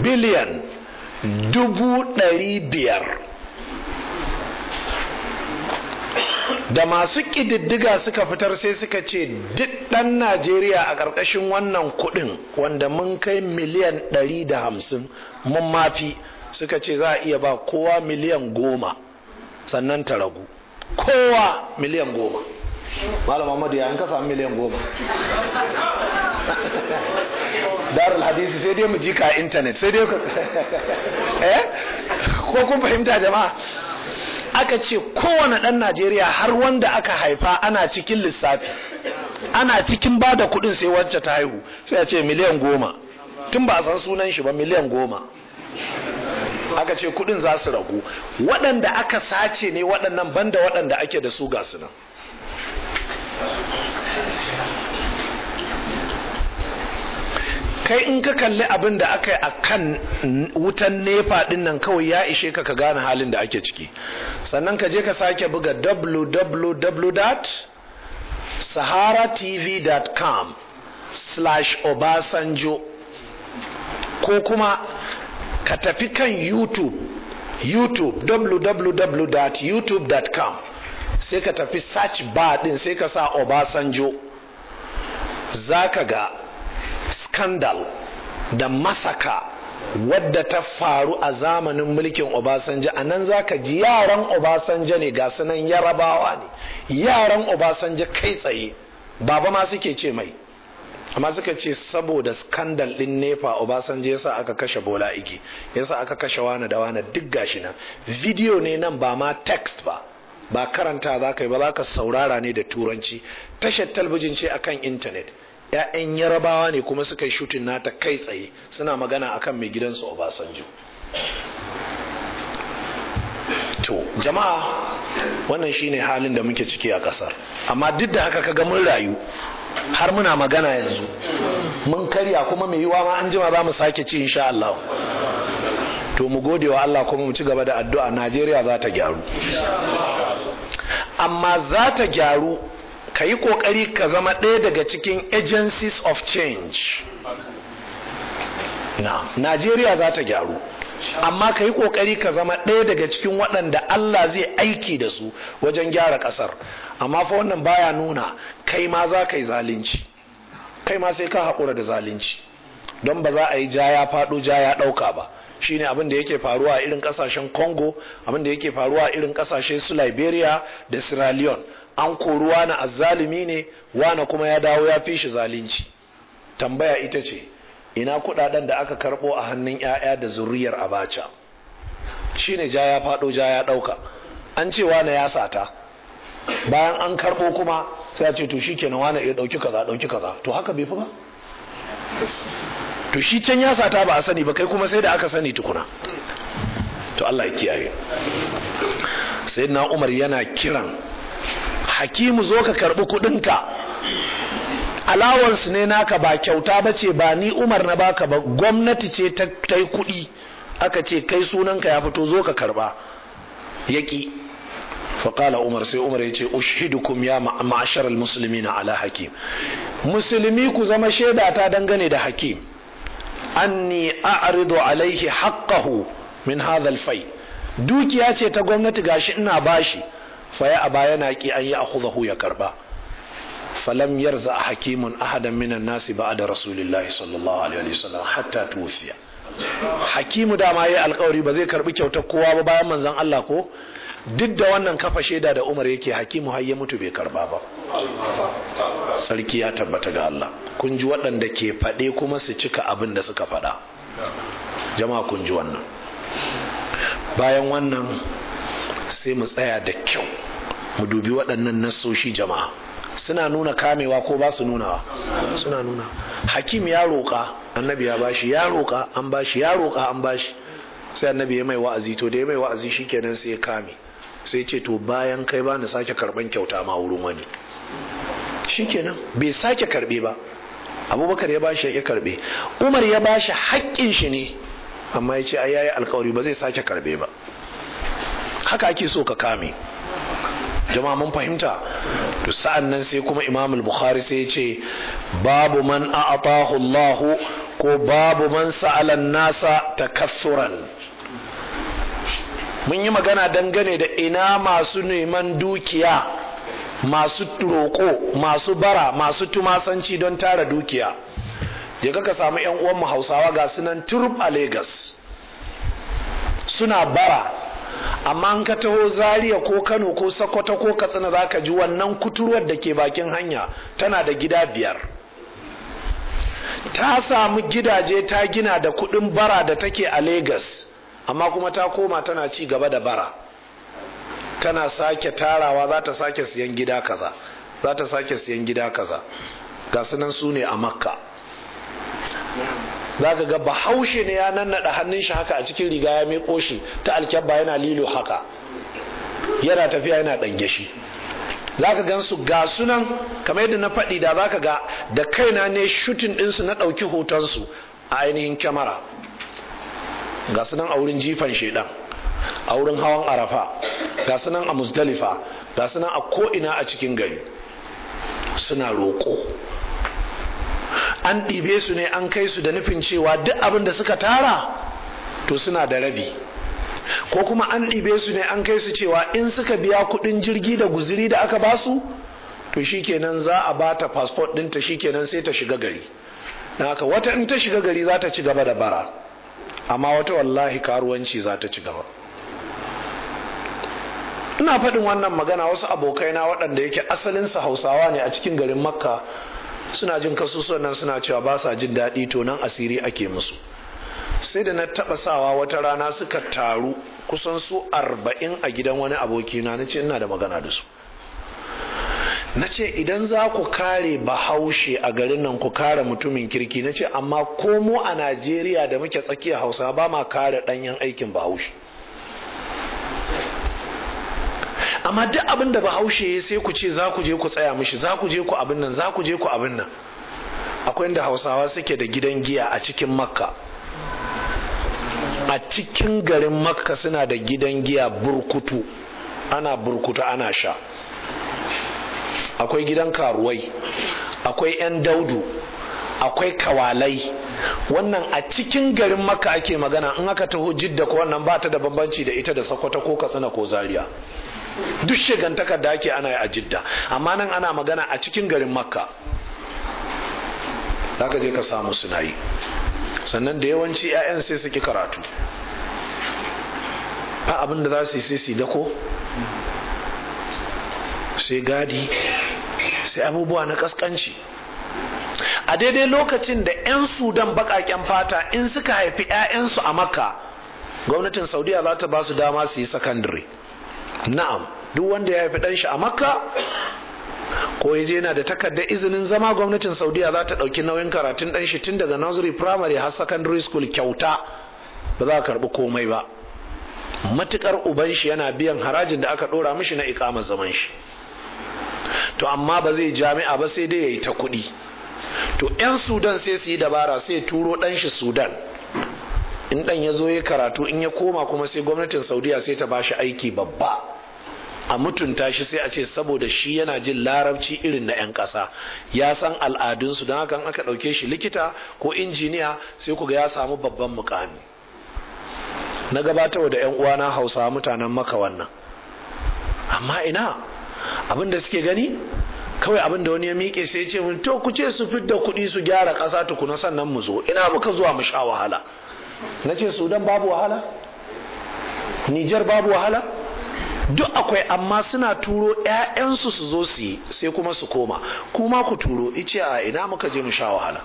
biliyan dubu ɗari biyar da masu ƙididdiga suka fitar sai suka ce duk ɗan najeriya a ƙarƙashin wannan kuɗin wanda mun kai miliyan ɗari da hamsin mun mafi suka ce za a iya ba kowa miliyan goma sannan ta ragu kowa miliyan goma malam Muhammadu ya ka samu miliyan goma [laughs] darul hadisi sai dai mu ji ka intanet sai dai [laughs] eh ko kun fahimta jama'a aka ce kowane ɗan Najeriya har wanda aka haifa ana cikin lissafi ana cikin ba da kuɗin sai wacce ta haihu sai a ce miliyan goma tun ba a san sunan shi ba miliyan goma aka ce kuɗin za su ragu waɗanda aka sace ne waɗannan banda waɗanda ake da su ga su nan kai in ka kalli abin da aka yi a kan wutan nefa din nan kawai ya ishe ka ka gane halin da ake ciki sannan ka je ka sake buga www.saharatv.com slash obasanjo ko kuma ka tafi kan youtube youtube www.youtube.com sai ka tafi search bar din sai ka sa obasanjo za ka ga scandal da masaka wadda ta faru a zamanin mulkin Obasanja a nan za ka ji yaran Obasanja ne ga sunan yarabawa ne yaran Obasanja kai tsaye baba ma suke ce mai amma suka ce saboda scandal din nefa ya yasa aka kashe Bola Igi yasa aka kashe wani da wani duk gashi nan video ne nan ba ma text ba ba karanta za ka yi ba za ka saurara ne da turanci tashar talbijin ce akan intanet 'ya'yan yarabawa ne kuma suka yi shutin nata kai tsaye suna magana akan mai gidansu obasanjo to jama'a wannan shine halin da muke ciki a kasar amma duk da haka ka ga mun rayu har muna magana yanzu mun karya kuma mai yiwa ma an jima za mu sake ci insha Allah to mu gode wa Allah kuma mu ci gaba da addu'a Najeriya za ta gyaru amma za ta gyaru ka yi ƙoƙari ka zama ɗaya daga cikin agencies of change na najeriya za ta gyaru amma ka yi ƙoƙari ka zama ɗaya daga cikin waɗanda allah zai aiki da su wajen gyara ƙasar amma fa wannan baya nuna kai ma za ka yi zalunci kai ma sai ka haƙura da zalunci don ba za a yi ja ya faɗo ja ya ɗauka ba shine abin da yake faruwa a irin ƙasashen congo abin da yake faruwa a irin ƙasashen su liberia da sierra leone an kori wani azzalimi ne wani kuma ya dawo ya fi shi zalunci tambaya ita ce ina kudaden da aka karbo a hannun 'ya'ya da zuriyar abacha shine ja ya fado ja ya dauka an ce wani ya sata bayan an karbo kuma sai ya ce to shikenan wani ya eh, dauki kaza dauki kaza to haka bai fi ba to shi can ya sata ba a sani ba kai kuma sai da aka sani tukuna to Allah ya kiyaye sayyidina Umar yana kiran hakimu zo ka karbi kuɗinka. alawansu ne naka ba kyauta ba ce ba ni umar na baka ba gwamnati ce ta yi kudi aka ce kai sunanka ya fito zo ka karba yaki faƙala umar sai umar ya ce ushidukum ya ma'ashar musulmi na ala hakim musulmi ku zama shaida ta dangane da hakim anni a'ridu alaihi haqqahu min hadha fai dukiya ce ta gwamnati gashi ina bashi faya a baya na ki an yi akhudahu ya karba falam yarza hakimun ahadan minan nasi da rasulillahi sallallahu alaihi wasallam hatta tuwfiya hakimu dama yi alkawari ba zai karbi kyautar kowa ba bayan manzan Allah ko duk da wannan kafa shaida da Umar yake hakimu har ya mutu bai karba ba sarki ya tabbata ga Allah kun ji waɗanda ke faɗe kuma su cika abin da suka faɗa jama'a kun ji wannan bayan wannan sai mu tsaya da kyau mu dubi waɗannan nasoshi jama'a suna nuna kamewa ko ba su nunawa suna nuna hakim ya roƙa annabi ya bashi ya roƙa an bashi ya roƙa an bashi sai annabi ya mai wa'azi to da ya mai wa'azi shikenan sai ya kame sai ce to bayan kai ba na sake karban kyauta ma wurin wani shikenan bai sake karbe ba abubakar ya bashi ya karbe umar ya bashi haƙƙin shi ne amma ya ce ai yayi alkawari ba zai sake karɓe ba haka ake so ka kame jama'a mun fahimta to sa'an nan sai kuma imam al-bukhari sai ya ce babu man a'atahu Allah ko babu man sa'ala nasa takassuran mun yi magana dangane da ina masu neman dukiya masu roƙo masu bara masu tumasanci don tara dukiya je ka samu yan uwanmu hausawa ga sunan turb a Legas suna bara amma an ka taho Zariya ko kano ko sokoto ko katsina za ka ji wannan kuturwar da ke bakin hanya tana da gida biyar ta samu gidaje ta gina da kudin bara da take a Legas, amma kuma ta koma tana ci gaba da bara tana sake tarawa za ta sake siyan gida kaza za ta sake siyan gida kaza ga sunan su ne a makka za ka ga bahaushe ne ya nannaɗa hannun shi haka a cikin riga ya mai shi ta alkyabba yana lilo haka yana tafiya yana ɗange shi za ka gan su ga sunan kamar yadda na faɗi da za ka ga da kaina ne shutin ɗinsu na ɗauki hotonsu a ainihin kyamara ga sunan a wurin jifan shaidan a wurin hawan arafa ga sunan a musdalifa ga sunan a ko'ina a cikin gari suna roƙo an ɗibe su ne an kai su da nufin cewa duk abin da suka tara to suna da rabi ko kuma an ɗibe su ne an kai su cewa in suka biya kuɗin jirgi da guziri da aka ba su, to shikenan za a ba ta fasfot ɗinta shikenan sai ta shiga gari na haka wata in ta shiga gari za ta ci gaba da bara amma wata wallahi karuwanci za ta ci gaba ina faɗin wannan magana wasu abokaina waɗanda yake asalinsa hausawa ne a cikin garin makka suna jin kasusuwan nan suna cewa ba sa jin daɗi to nan asiri ake musu sai da na taɓa sawa wata rana suka taru kusan su arba'in a gidan wani abokina na ce ina da magana da su na ce idan za ku kare bahaushe a garin nan ku kare mutumin kirki na ce amma komo a najeriya da muke tsakiya hausa ba ma kare ɗanyen aikin bahaushe amma duk abin da bahaushe ya sai ku ce za ku je ku tsaya mishi za ku je ku abin nan za ku je ku abin nan akwai inda hausawa suke da gidan giya a cikin makka a cikin garin makka suna da gidan giya burkutu ana burkutu ana sha akwai gidan karuwai akwai 'yan daudu akwai kawalai wannan a cikin garin Makka ake magana in aka taho jidda ko wannan ba ta da bambanci da ita da sakwata ko katsina ko zaria duk shigantakar da ake ana yi a jidda amma nan ana magana a cikin garin makka za ka je ka samu suna yi sannan da yawanci 'ya'yan sai suke karatu a abin da za su yi sai su dako sai gadi sai abubuwa na kaskanci a daidai lokacin da 'yan sudan bakaken fata in suka haifi 'ya'yansu a makka gwamnatin saudiya za ta ba su dama su yi sakandare na'am duk wanda ya haifi dan shi a makka ko ya je yana da takardar izinin zama gwamnatin saudiya za ta ɗauki nauyin karatun dan shi tun daga nursery primary har secondary school kyauta ba za a karɓi komai ba matukar uban shi yana biyan harajin da aka ɗora mishi na ikama zaman shi to amma ba zai jami'a ba sai dai ya yi ta kuɗi to 'yan sudan sai su yi dabara sai turo ɗan shi sudan in ɗan ya zo ya karatu in ya koma kuma sai gwamnatin saudiya sai ta bashi aiki babba a mutunta shi sai a ce saboda shi yana jin larabci irin na 'yan ƙasa ya san al'adunsu don haka aka ɗauke shi likita ko injiniya sai kuga ya samu babban mukami na gabatarwa da 'yan uwana hausa mutanen maka wannan amma ina abin da suke gani kawai abin da wani ya miƙe sai ce mun to ku ce su fidda kuɗi su gyara ƙasa tukuna sannan mu zo ina muka zuwa mu sha wahala na ce sudan babu wahala nijar babu wahala duk akwai amma suna turo 'ya'yansu su zo su yi sai kuma su koma kuma ku turo ice a ina muka je mu sha wahala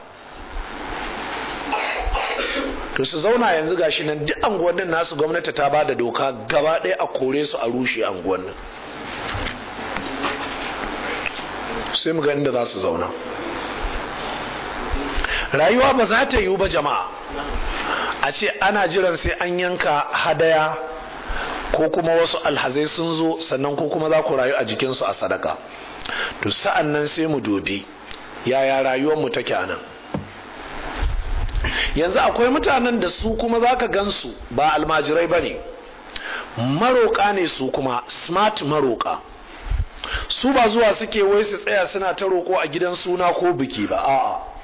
to su zauna yanzu gashi nan duk anguwannin nasu gwamnati ta ba da doka gaba ɗaya a kore su a rushe anguwannin sai mu gani da za su zauna rayuwa ba za ta yiwu ba jama'a a ce ana jiran sai an yanka hadaya ko kuma wasu alhazai sun zo sannan ko kuma za ku rayu a jikinsu a sadaka to sa'an nan sai mu dubi yaya rayuwarmu take kyanan yanzu akwai mutanen da su kuma za ka gansu ba almajirai ba ne maroƙa ne su kuma smart maroƙa su ba zuwa suke wai su tsaya suna ta roƙo a gidan suna ko biki ba a'a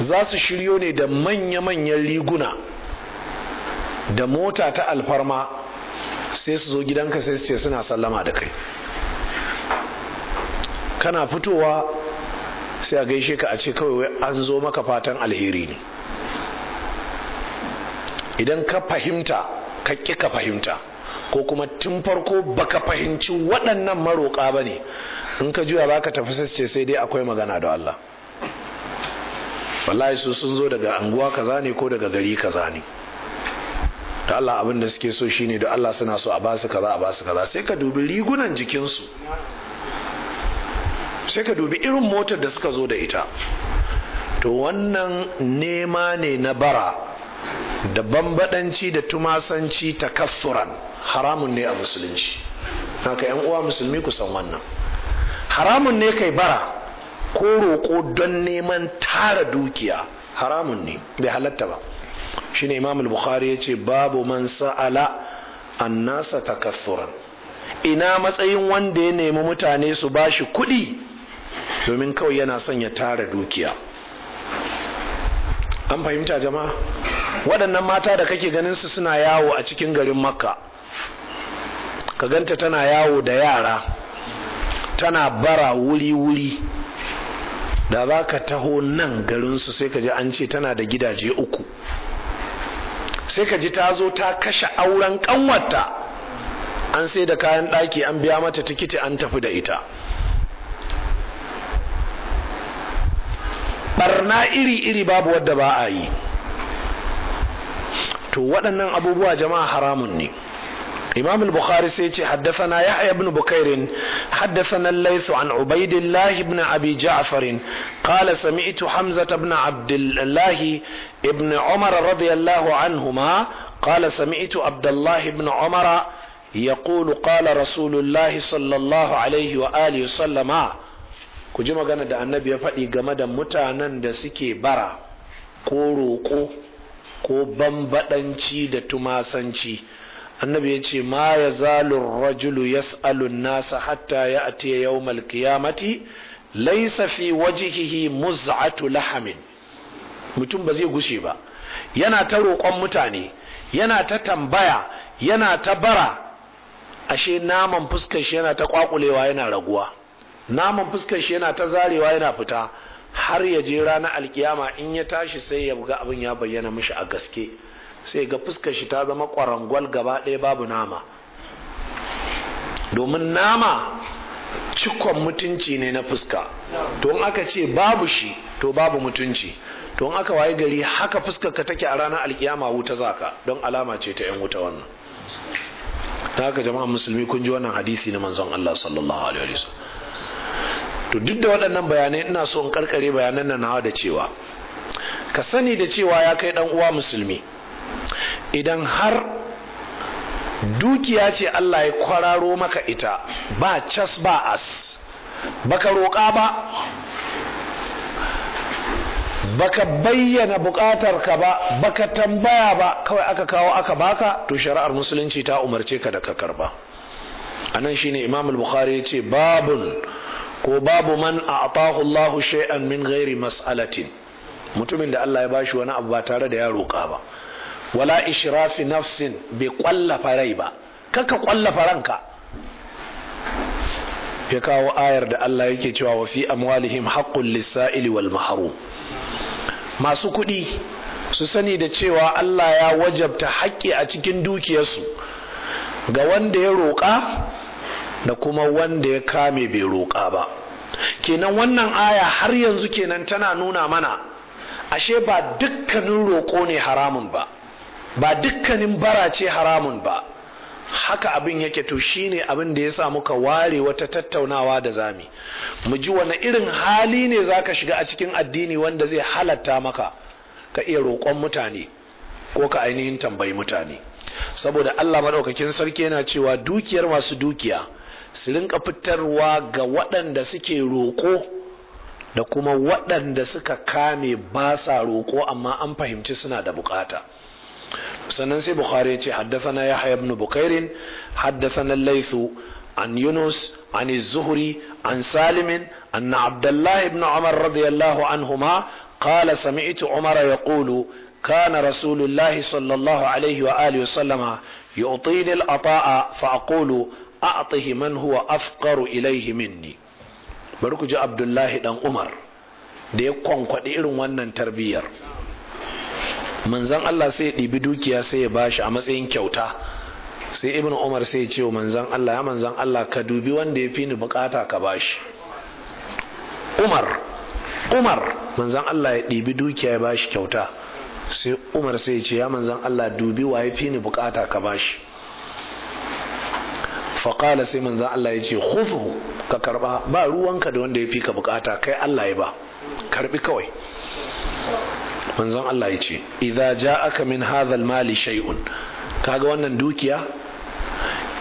za su shiryo ne da manya-manyan riguna da mota ta alfarma sai su zo gidanka sai su ce suna sallama da kai kana fitowa sai a gaishe ka a ce kawai an zo maka fatan alheri ne idan ka fahimta ka ƙi ka fahimta ko kuma tun farko baka fahimci waɗannan maroƙa ba ne in ka juya ba ka tafi sai dai akwai magana da Allah wallahi su sun zo daga anguwa kaza ne ko daga gari kaza ne da Allah abin da suke so shine da Allah suna so a ba su kaza a ba su kaza sai ka dubi rigunan jikinsu sai ka dubi irin motar da suka zo da ita to wannan nema ne na bara da bambadanci da tumasanci ta kasuran haramun ne a musulunci haka yan uwa musulmi ku san wannan haramun ne kai bara ko roƙo don neman tara dukiya haramun ne bai halatta ba shine imam al-bukhari ya ce babu man sa'ala annasa takassuran ina matsayin wanda ya nemi mutane su bashi kuɗi domin kawai yana son ya tara dukiya an fahimta jama'a waɗannan mata da kake ganin su suna yawo a cikin garin makka ka ganta tana yawo da yara tana bara wuri-wuri da ba ka taho nan garinsu sai ka ji an ce tana da gidaje uku sai ka ji ta zo ta kashe auren kanwarta an sai da kayan ɗaki an biya mata tikiti an tafi da ita barna iri-iri babu wadda ba a yi to waɗannan abubuwa jama'a haramun ne إمام البخاري سيتي حدثنا يحيى بن بكير حدثنا الليث عن عبيد الله بن أبي جعفر قال سمعت حمزة بن عبد الله ابن عمر رضي الله عنهما قال سمعت عبد الله بن عمر يقول قال رسول الله صلى الله عليه وآله وسلم ku ji magana da annabi ya faɗi game da mutanen da suke bara ko roƙo ko bambaɗanci da tumasanci annabi ya ce ma ya zalun rajulu yas'alun nasa hatta ya atiya yawmal qiyamati laysa fi wajhihi muz'atu lahamin mutum ba zai gushe ba yana ta roƙon mutane yana ta tambaya yana ta bara ashe naman fuskar shi yana ta kwakulewa yana raguwa naman fuskar shi yana ta zarewa yana fita har ya je ranar alkiyama in ya tashi sai ya buga abin ya bayyana mishi a gaske sai ga fuskar shi ta zama ƙwarangwal gaba ɗaya babu nama domin nama cikon mutunci ne na fuska to in aka ce babu shi to babu mutunci to in aka waye gari haka fuskar ka take a ranar alkiyama wuta zaka don alama ce ta yan wuta wannan ta haka jama'a musulmi kun ji wannan hadisi na manzon Allah sallallahu alaihi wasu to duk da waɗannan bayanai ina so in karkare bayanan nan nawa da cewa ka sani da cewa ya kai dan uwa musulmi idan har dukiya ce Allah ya kwararo maka ita ba cas ba as baka roƙa ba baka bayyana buƙatar ka ba baka tambaya ba kawai aka kawo aka baka to shari'ar musulunci ta umarce ka da ka karba anan shine imam al-bukhari ce babun ko babu man a'tahu Allahu shay'an min ghairi mas'alatin mutumin da Allah ya bashi wani abu ba tare da ya roƙa ba wala ishrafi nafsin bai kwallafa rai ba kaka kwallafa ranka ya kawo ayar da Allah yake cewa wa fi amwalihim haqqul lisaili wal mahrum masu kuɗi su sani da cewa Allah ya wajabta haƙƙi a cikin dukiyarsu ga wanda ya roƙa da kuma wanda ya kame bai roƙa ba kenan wannan aya har yanzu kenan tana nuna mana ashe ba dukkanin roƙo ne haramun ba ba dukkanin bara ce haramun ba haka abin yake to shine abin da ya sa muka ware wata tattaunawa da zami mu ji wani irin hali ne zaka shiga a cikin addini wanda zai halatta maka ka iya roƙon mutane ko ka ainihin tambayi mutane saboda Allah maɗaukakin sarki yana cewa dukiyar masu dukiya su rinka fitarwa ga waɗanda suke roƙo da kuma waɗanda suka kame ba sa roƙo amma an fahimci suna da bukata sannan sai bukhari ya ce haddathana yahya ibn bukairin na laythu an yunus an zuhri an Salimin an abdullah ibn umar radiyallahu anhuma qala sami'tu umar yaqulu kana rasulullahi sallallahu alaihi wa alihi wa sallama yu'tini al-ata'a fa aqulu a'tihi man huwa afqaru ilayhi minni bari ku ji abdullahi dan umar da ya kwankwaɗi irin wannan tarbiyyar manzan Allah sai ya ɗibi dukiya sai ya bashi a matsayin kyauta sai ibn umar sai ya ce wa manzan Allah ya manzan Allah ka dubi wanda ya fi ni bukata ka bashi umar umar manzan Allah ya ɗibi dukiya ya bashi kyauta sai umar sai ya ce ya manzan Allah dubi wa ya fi ni bukata ka bashi faƙala sai manzan Allah ya ce khudhu ka karba ba ruwanka da wanda ya fi ka bukata kai Allah ya ba karbi kawai manzon Allah ya ce idza ja'aka min hadha mali shay'un kaga wannan dukiya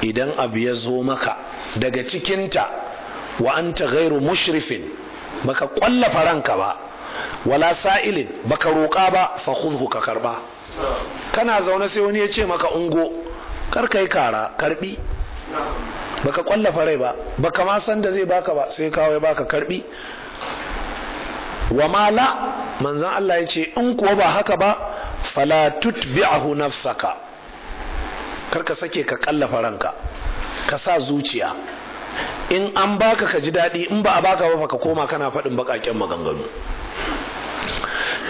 idan abu ya zo maka daga cikinta wa anta ghairu mushrifin baka ƙwallafa ranka ba wala sa'ilin baka roƙa ba fa khudhu ka karba kana zaune sai wani ya ce maka ungo kar kai kara karbi baka kwalla rai ba baka ma san da zai baka ba sai kawai baka karbi wa ma la manzon Allah ya ce in kuwa ba haka ba fala tutbi'ahu nafsaka kar ka sake ka kallafa ranka ka sa zuciya in an baka ka ji daɗi in ba a baka ba ka koma kana faɗin baƙaƙen maganganu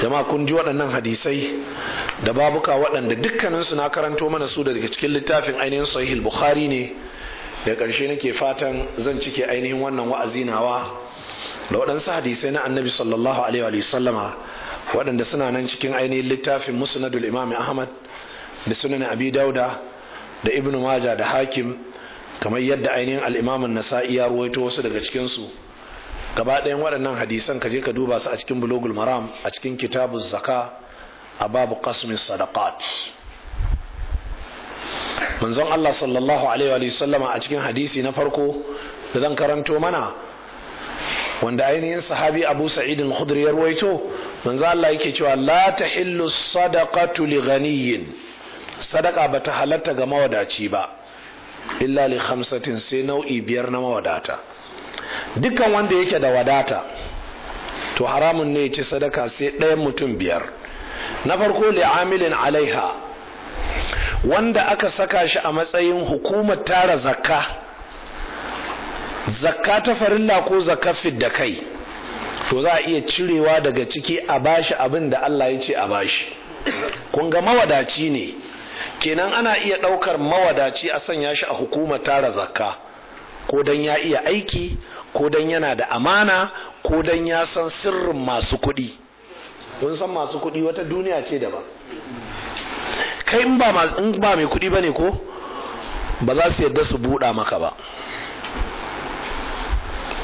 jama'a kun ji waɗannan hadisai da babuka waɗanda dukkaninsu na karanto mana su daga cikin littafin ainihin sahih bukhari ne da ƙarshe nake fatan zan cike ainihin wannan wa'azi nawa da waɗansu hadisai na annabi sallallahu alaihi wa sallama waɗanda suna nan cikin ainihin littafin musnadul imam ahmad da sunan abi dauda da ibnu maja da hakim kamar yadda ainihin al'imamin nasa'i ya ruwaito wasu daga cikinsu gaba ɗayan waɗannan hadisan ka je ka duba su a cikin bulogul maram a cikin kitabun zaka a babu kasmin sadaqat manzon Allah sallallahu alaihi wa sallama a cikin hadisi na farko da zan karanto mana wanda ainihin sahabi abu sa'idin al-khudri ya ruwaito manzo Allah yake cewa la tahillu sadaqatu li ghaniyin sadaka bata halatta ga mawadaci ba illa li khamsatin sai nau'i biyar na mawadata dukkan wanda yake da wadata to haramun ne ya ci sadaka sai ɗayan mutum biyar na farko li amilin alaiha wanda aka saka shi a matsayin hukumar tara zakka zakka ta farilla ko zakka da kai to za a iya cirewa daga ciki a bashi abin da Allah ya ce a bashi kun ga mawadaci ne kenan ana iya ɗaukar mawadaci a sanya shi a hukumar tara zakka ko dan ya iya aiki ko dan yana da amana ko dan ya san sirrin masu kuɗi kun san masu kuɗi wata duniya ce daban kai in ba mai kuɗi bane ko ba za su yarda su buɗa maka ba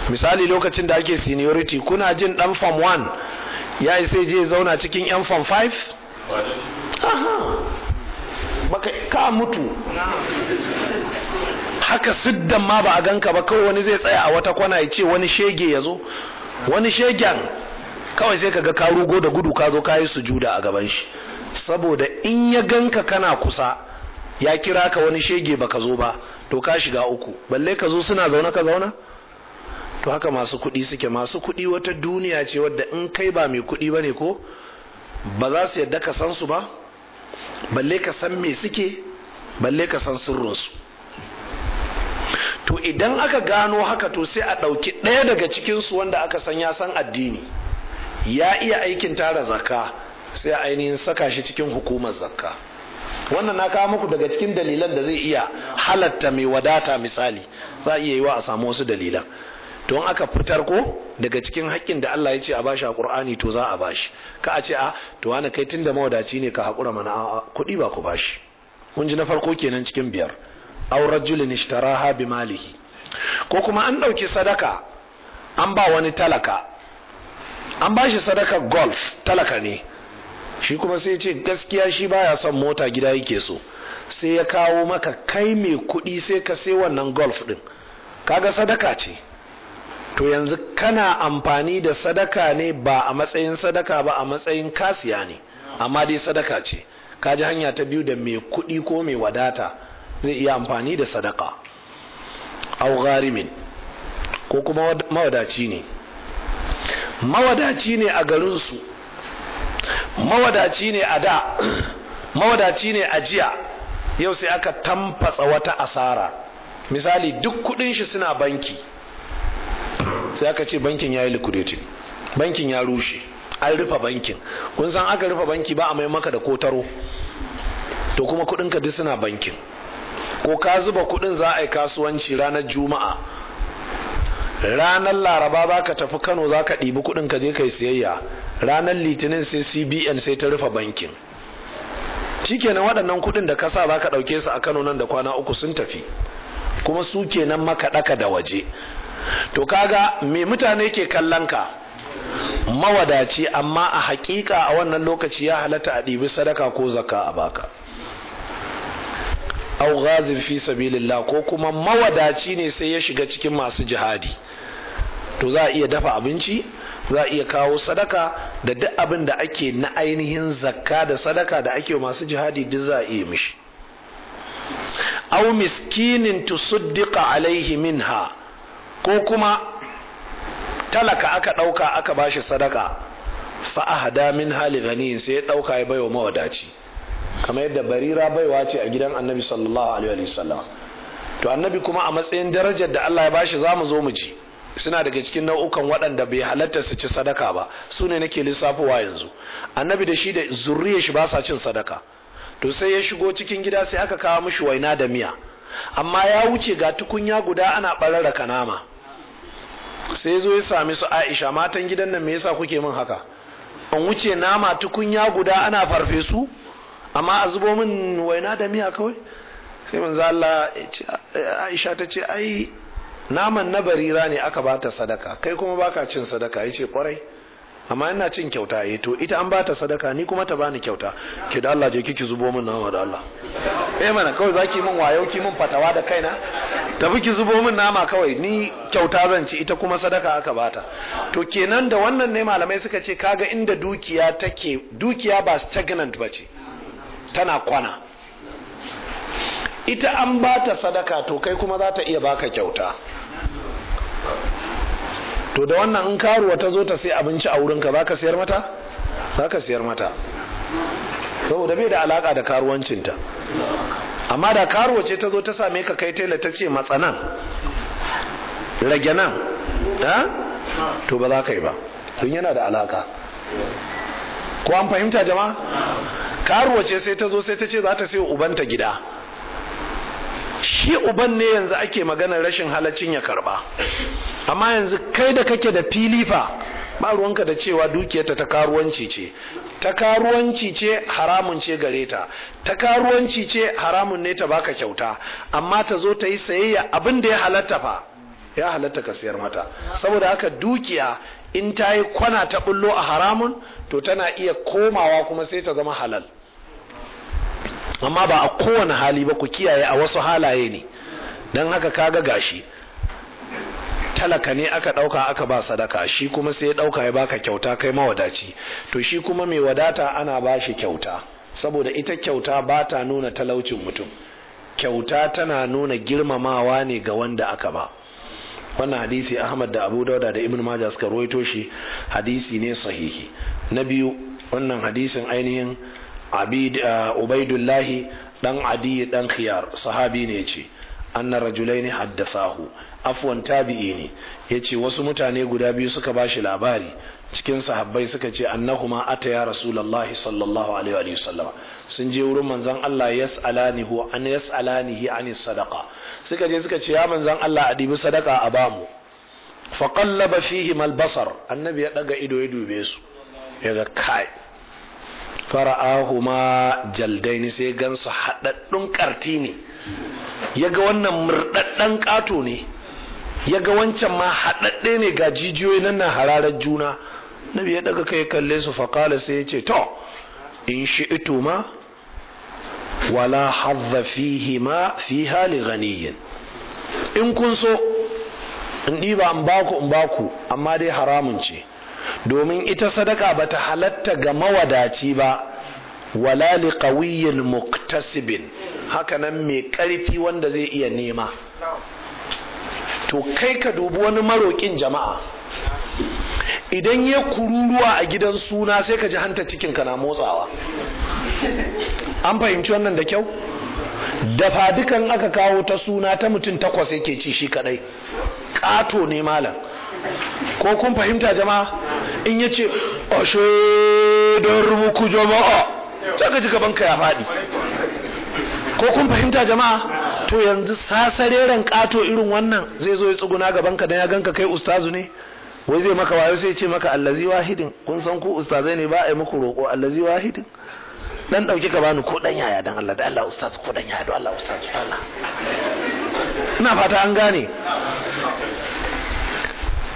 misali lokacin da ake seniority kuna jin dan form 1 ya isa je zauna cikin yan form 5 baka ka mutu haka siddan ma ba a ganka ba kawai wani zai tsaya a wata kwana ya ce wani shege ya zo wani shegen kawai sai ka ga ka rugo da gudu ka zo ka yi sujuda a gaban shi saboda in ya ganka kana kusa ya kira ka wani shege baka zo ba to ka shiga uku balle ka zo suna zaune ka zauna to haka masu kuɗi suke masu kuɗi wata duniya ce wadda in kai ba mai kuɗi ba ne ko ba za su yadda ka san su ba balle ka san me suke balle ka san sirrinsu to idan aka gano haka to sai a ɗauki ɗaya daga cikinsu wanda aka san ya san addini ya iya aikin tara zakka sai ainihin saka shi cikin hukumar zakka wannan na kawo muku daga cikin dalilan da zai iya halatta mai wadata misali za a iya yi wa a samu wasu dalilan Don aka fitar ko daga cikin haƙƙin da Allah ya ce a bashi a ƙur'ani to za a bashi ka a ce a ah, to wani kai da mawadaci ne ka haƙura mana a kuɗi ba ku bashi kun ji na farko kenan cikin biyar Auren rajulin ishtaraha bi malihi ko kuma an ɗauki sadaka an ba wani talaka an ba shi sadaka golf talaka ne shi kuma sai ce gaskiya shi baya son mota gida yake so sai ya kawo maka kai mai kuɗi sai ka sai wannan golf ɗin kaga sadaka ce to yanzu kana amfani da sadaka ne ba a matsayin sadaka ba a matsayin kasiya ne amma dai sadaka ce ka ji hanya ta biyu da mai kuɗi ko mai wadata zai iya amfani da sadaka au gharimin ko kuma mawadaci ne mawadaci ne a garinsu mawadaci ne a da [clears throat] mawadaci ne a jiya yau sai aka tamfasa wata asara misali duk kudin shi suna banki sai aka ce bankin ya yi liquidating bankin ya rushe an rufe bankin kun san aka rufe banki ba a mai maka da kotaro to kuma kudinka duk suna bankin ko ka zuba kudin za a yi kasuwanci ranar juma'a ranar laraba za ka tafi kano za ka ɗibi kudin ka je kai siyayya ranar litinin sai cbn sai ta rufe bankin shikenan waɗannan kudin da kasa za ka ɗauke su a kano nan da kwana uku sun tafi kuma su kenan maka ɗaka da waje to kaga me mutane ke kallon ka mawadaci amma a hakika a wannan lokaci ya halatta a ɗibi sadaka ko zakka a baka au ghazin fi sabilillah ko kuma mawadaci ne sai ya shiga cikin masu jihadi to za a iya dafa abinci za a iya kawo sadaka da duk abin da ake na ainihin zakka da sadaka da ake masu jihadi duk za a iya mishi au miskinin tusuddiqa alaihi minha ko kuma talaka aka ɗauka aka bashi sadaka fa'ahada min hali gani sai ya ɗauka ya baiwa mawadaci kamar yadda barira baiwa ce a gidan annabi sallallahu alaihi wasallam to annabi kuma a matsayin darajar da Allah ya bashi za mu zo mu ji suna daga cikin nau'ukan waɗanda bai halatta su ci sadaka ba su ne nake lissafowa yanzu annabi da shi da zurriyar shi ba sa cin sadaka to sai ya shigo cikin gida sai aka kawo mishi waina da miya amma ya wuce ga tukunya guda ana ɓararraka nama, sai zo ya sami su aisha matan gidan nan me yasa kuke min haka an wuce nama tukunya guda ana farfesu amma a zubo min waina da miya kawai sai manzo Allah aisha ta ce ai naman na barira ne aka bata sadaka kai kuma baka cin sadaka yace kwarai amma ina cin kyauta eh to ita an bata sadaka ni kuma ta bani kyauta ki da Allah je kiki zubo min nama da Allah eh mana kawai zaki min wayo ki mun fatawa da kaina tafi ki zubo min nama kawai ni kyauta zan ci ita kuma sadaka aka bata to kenan da wannan ne malamai suka ce kaga inda dukiya take dukiya ba stagnant ce tana kwana ita an bata sadaka to kai kuma za ta iya baka kyauta to da wannan in karuwa ta zo ta sai abinci a wurinka za ka siyar mata za ka siyar mata saboda bai da alaka da karuwancinta amma da karuwa ce ta zo ta same ka kai tela ta ce matsanan rage nan to ba za ka yi ba tun yana da alaka ko an fahimta jama'a karuwa ce sai ta zo sai ta ce za ta sai ubanta gida shi uban ne yanzu ake maganar rashin halacin ya karba amma yanzu kai da kake da filifa ba ruwanka da cewa dukiyarta ta karuwanci ce ta karuwanci ce haramun ce gare ta ta karuwanci ce haramun ne ta baka kyauta amma ta zo ta yi sayayya abin da ya halatta fa ya halatta ka sayar mata saboda haka dukiya in ta yi kwana ta bullo a haramun to tana iya komawa kuma sai ta zama halal amma ba a kowane hali ba ku kiyaye a wasu halaye ne don haka ka ga gashi talaka ne aka ɗauka aka ba sadaka shi kuma sai ya ɗauka ya baka kyauta kai mawadaci to shi kuma mai wadata ana ba shi kyauta saboda ita kyauta ba ta nuna talaucin mutum kyauta tana nuna girmamawa ne ga wanda aka ba wannan hadisi ahmad da abu dauda da ibn majah suka ruwaito shi hadisi ne sahihi na biyu wannan hadisin ainihin abid uh, ubaidullahi dan adi dan khiyar sahabi ne yace anna rajulaini haddathahu afwan tabi'i ne yace wasu mutane guda biyu suka bashi labari cikin sahabbai suka ce annahuma ata ya rasulullahi sallallahu alaihi wa sallam sun je wurin manzon Allah yas'alani hu an yas'alanihi ani sadaqa suka je suka ce ya manzon Allah a dibi sadaka a bamu fa qallaba fihi basar annabi ya daga ido ya dube su ya ga kai fara'ahuma jaldaini sai gansu haɗaɗɗun ƙarti ne ya ga wannan murɗaɗɗen ƙato ne ya ga wancan ma haɗaɗɗe ne ga jijiyoyi nan na hararar juna nabi ya ɗaga kai kalle su faƙala sai ya ce to in shi ito ma wala hadda fihi ma fi hali ganiyin in kun so in ɗiba in baku in baku amma dai haramun ce domin ita sadaka bata halatta ga mawadaci ba wala liqawiyil muktasibin hakanan mai ƙarfi wanda zai iya nema to kai ka dubi wani maroƙin jama'a idan ya kururuwa a gidan suna sai ka ji hanta cikin kana motsawa an fahimci wannan da kyau dafa dukan aka kawo ta suna ta mutum takwas yake ci shi kadai ƙato ne malam ko kun fahimta jama'a in ya ce ashe don rubuku jama'a saka ji gabanka ya faɗi ko kun fahimta jama'a to yanzu sasareren ƙato irin wannan zai zo ya tsuguna gabanka don ya ganka kai ustazu ne wai zai maka wayo sai ce maka allazi wahidin kun san ku ustazai ne ba a yi muku roƙo allazi wahidin dan dauki ka bani ko dan yaya dan Allah da Allah ustaz ko dan yaya da Allah ustaz Allah ina fata an gane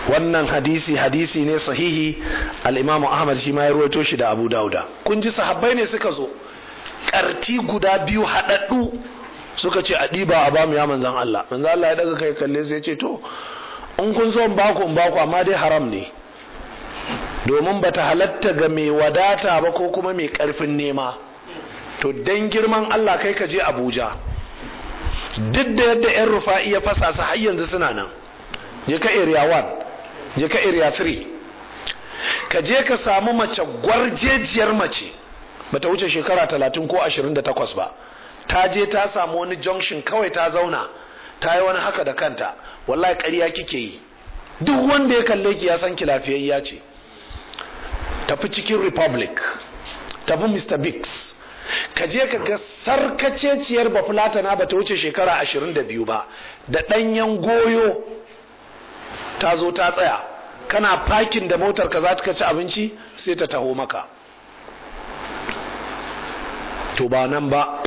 wannan hadisi hadisi ne sahihi al-imamu ahmad shi ma ya ruwaito shi da abu dauda kun ji sahabbai ne suka zo karti guda biyu haɗaɗɗu suka ce a ɗiba a bamu ya manzan Allah manzan Allah ya daga kai kalle sai ce to in kun so in baku in baku amma dai haram ne domin ba ta halatta ga mai wadata ba ko kuma mai karfin nema to dan girman Allah kai ka je Abuja duk da yadda yan rufa'i ya fasa su har yanzu suna nan je ka area je ka area 3 ka je ka samu mace gwarjejiyar mace bata wuce shekara talatin ko 28 ba ta je ta samu wani junction kawai ta zauna ta yi wani haka da kanta wallahi ƙarya kike yi duk wanda ya kalle ki ya san ki lafiyayya ce tafi cikin republic tafi mr biggs ka je ka ga sarkaceciyar bafulatana ba ta wuce shekara 22 ba da ɗanyen goyo ta zo ta tsaya kana fakin da motar ka za ta ci abinci sai ta taho maka to ba nan ba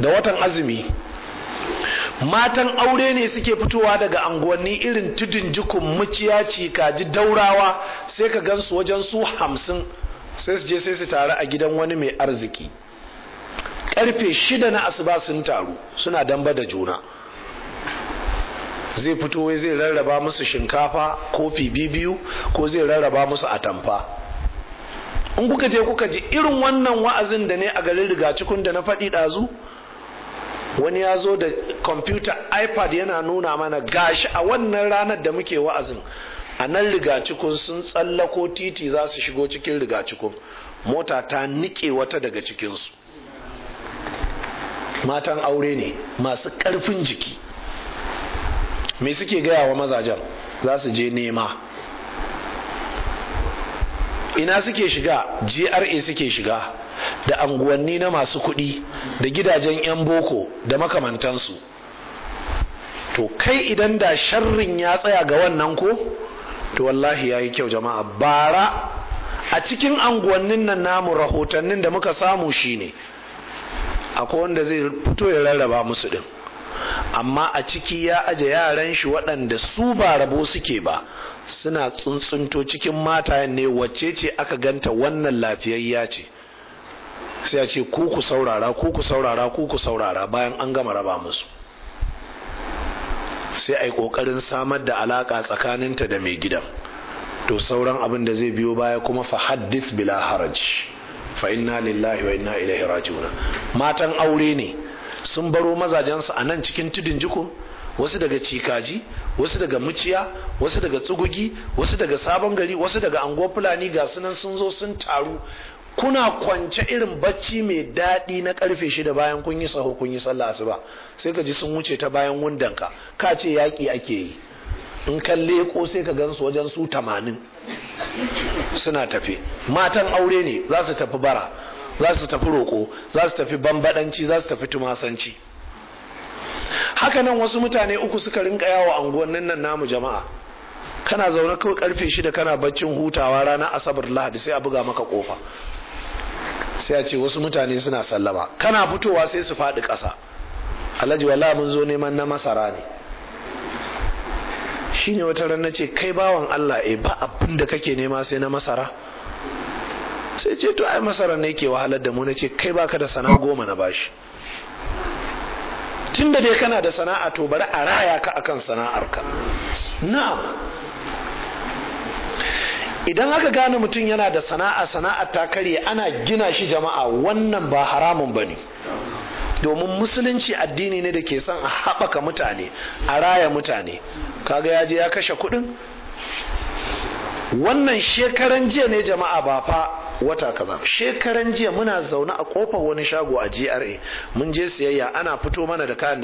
da watan azumi matan aure ne suke fitowa daga anguwanni irin tudun jikun muciya kaji daurawa sai ka gansu wajen su hamsin sai su je sai su taru a gidan wani mai arziki karfe shida na asuba sun taru suna damba da juna zai fito wai zai rarraba musu shinkafa kofi biyu ko zai rarraba musu atamfa in kuka je kuka ji irin wannan wa'azin da ne a garin rigacikun da na faɗi ɗazu wani ya zo da kwamfuta ipad yana nuna mana gashi a wannan ranar da muke wa'azin a nan rigacikun sun tsallako titi za su shigo cikin rigacikun mota ta nike wata daga cikinsu matan aure ne masu ƙarfin jiki me suke gaya wa mazajen za su je nema ina suke shiga GRA suke shiga da anguwanni na masu kuɗi da gidajen 'yan boko da makamantansu to kai idan da sharrin ya tsaya ga wannan ko to wallahi ya yi kyau jama'a bara a cikin anguwannin nan namu rahotannin da muka samu shine akwai wanda zai fito ya rarraba musu din amma a ciki ya aje yaran shi waɗanda su ba rabo suke ba suna tsuntsunto cikin matayen ne wacce ce aka ganta wannan lafiyayya ce sai a ce ku ku saurara ku ku saurara ku ku saurara bayan an gama raba musu sai a yi ƙoƙarin samar da alaƙa tsakaninta da mai gidan to sauran abin da zai biyo baya kuma fa haddis bila haraj fa inna lillahi wa inna ilaihi raji'una matan aure ne sun baro mazajensu a nan cikin tudun jiko wasu daga cikaji wasu daga muciya wasu daga tsugugi wasu daga sabon gari wasu daga anguwar fulani ga sunan sun zo sun taru kuna kwance irin bacci mai daɗi na karfe shida bayan kun yi saho kun yi sallah asuba sai ka ji sun wuce ta bayan wundanka ka ce yaƙi ake yi in kalle ko sai ka gansu wajen su tamanin suna tafe matan aure ne za su tafi bara za su tafi roƙo za su tafi bambadanci za su tafi tumasanci hakanan wasu mutane uku suka rinka yawo unguwannin nan namu jama'a kana zaune kawai karfe shida kana baccin hutawa ranar asabar lahadi sai a buga maka kofa sai a ce wasu mutane suna sallama kana fitowa sai su faɗi kasa. alhaji wala mun zo neman na masara ne shine wata ran ce kai bawan Allah e ba abin da kake nema sai na masara sai ce to ai masara ne ke wahalar da mu na ce kai baka da sana'a goma na bashi tun da dai kana da sana'a to bari a raya ka akan sana'ar ka. na'am idan aka gane mutum yana da sana'a sana'a ta karye ana gina shi jama'a wannan ba haramun ba ne domin musulunci addini ne da ke son a haɓaka mutane a raya mutane kaga ya je ya kashe kuɗin wannan shekaran jiya ne jama'a ba fa wata kaza shekaran jiya muna zaune a kofar wani shago a GRA mun je siyayya ana fito mana da kayan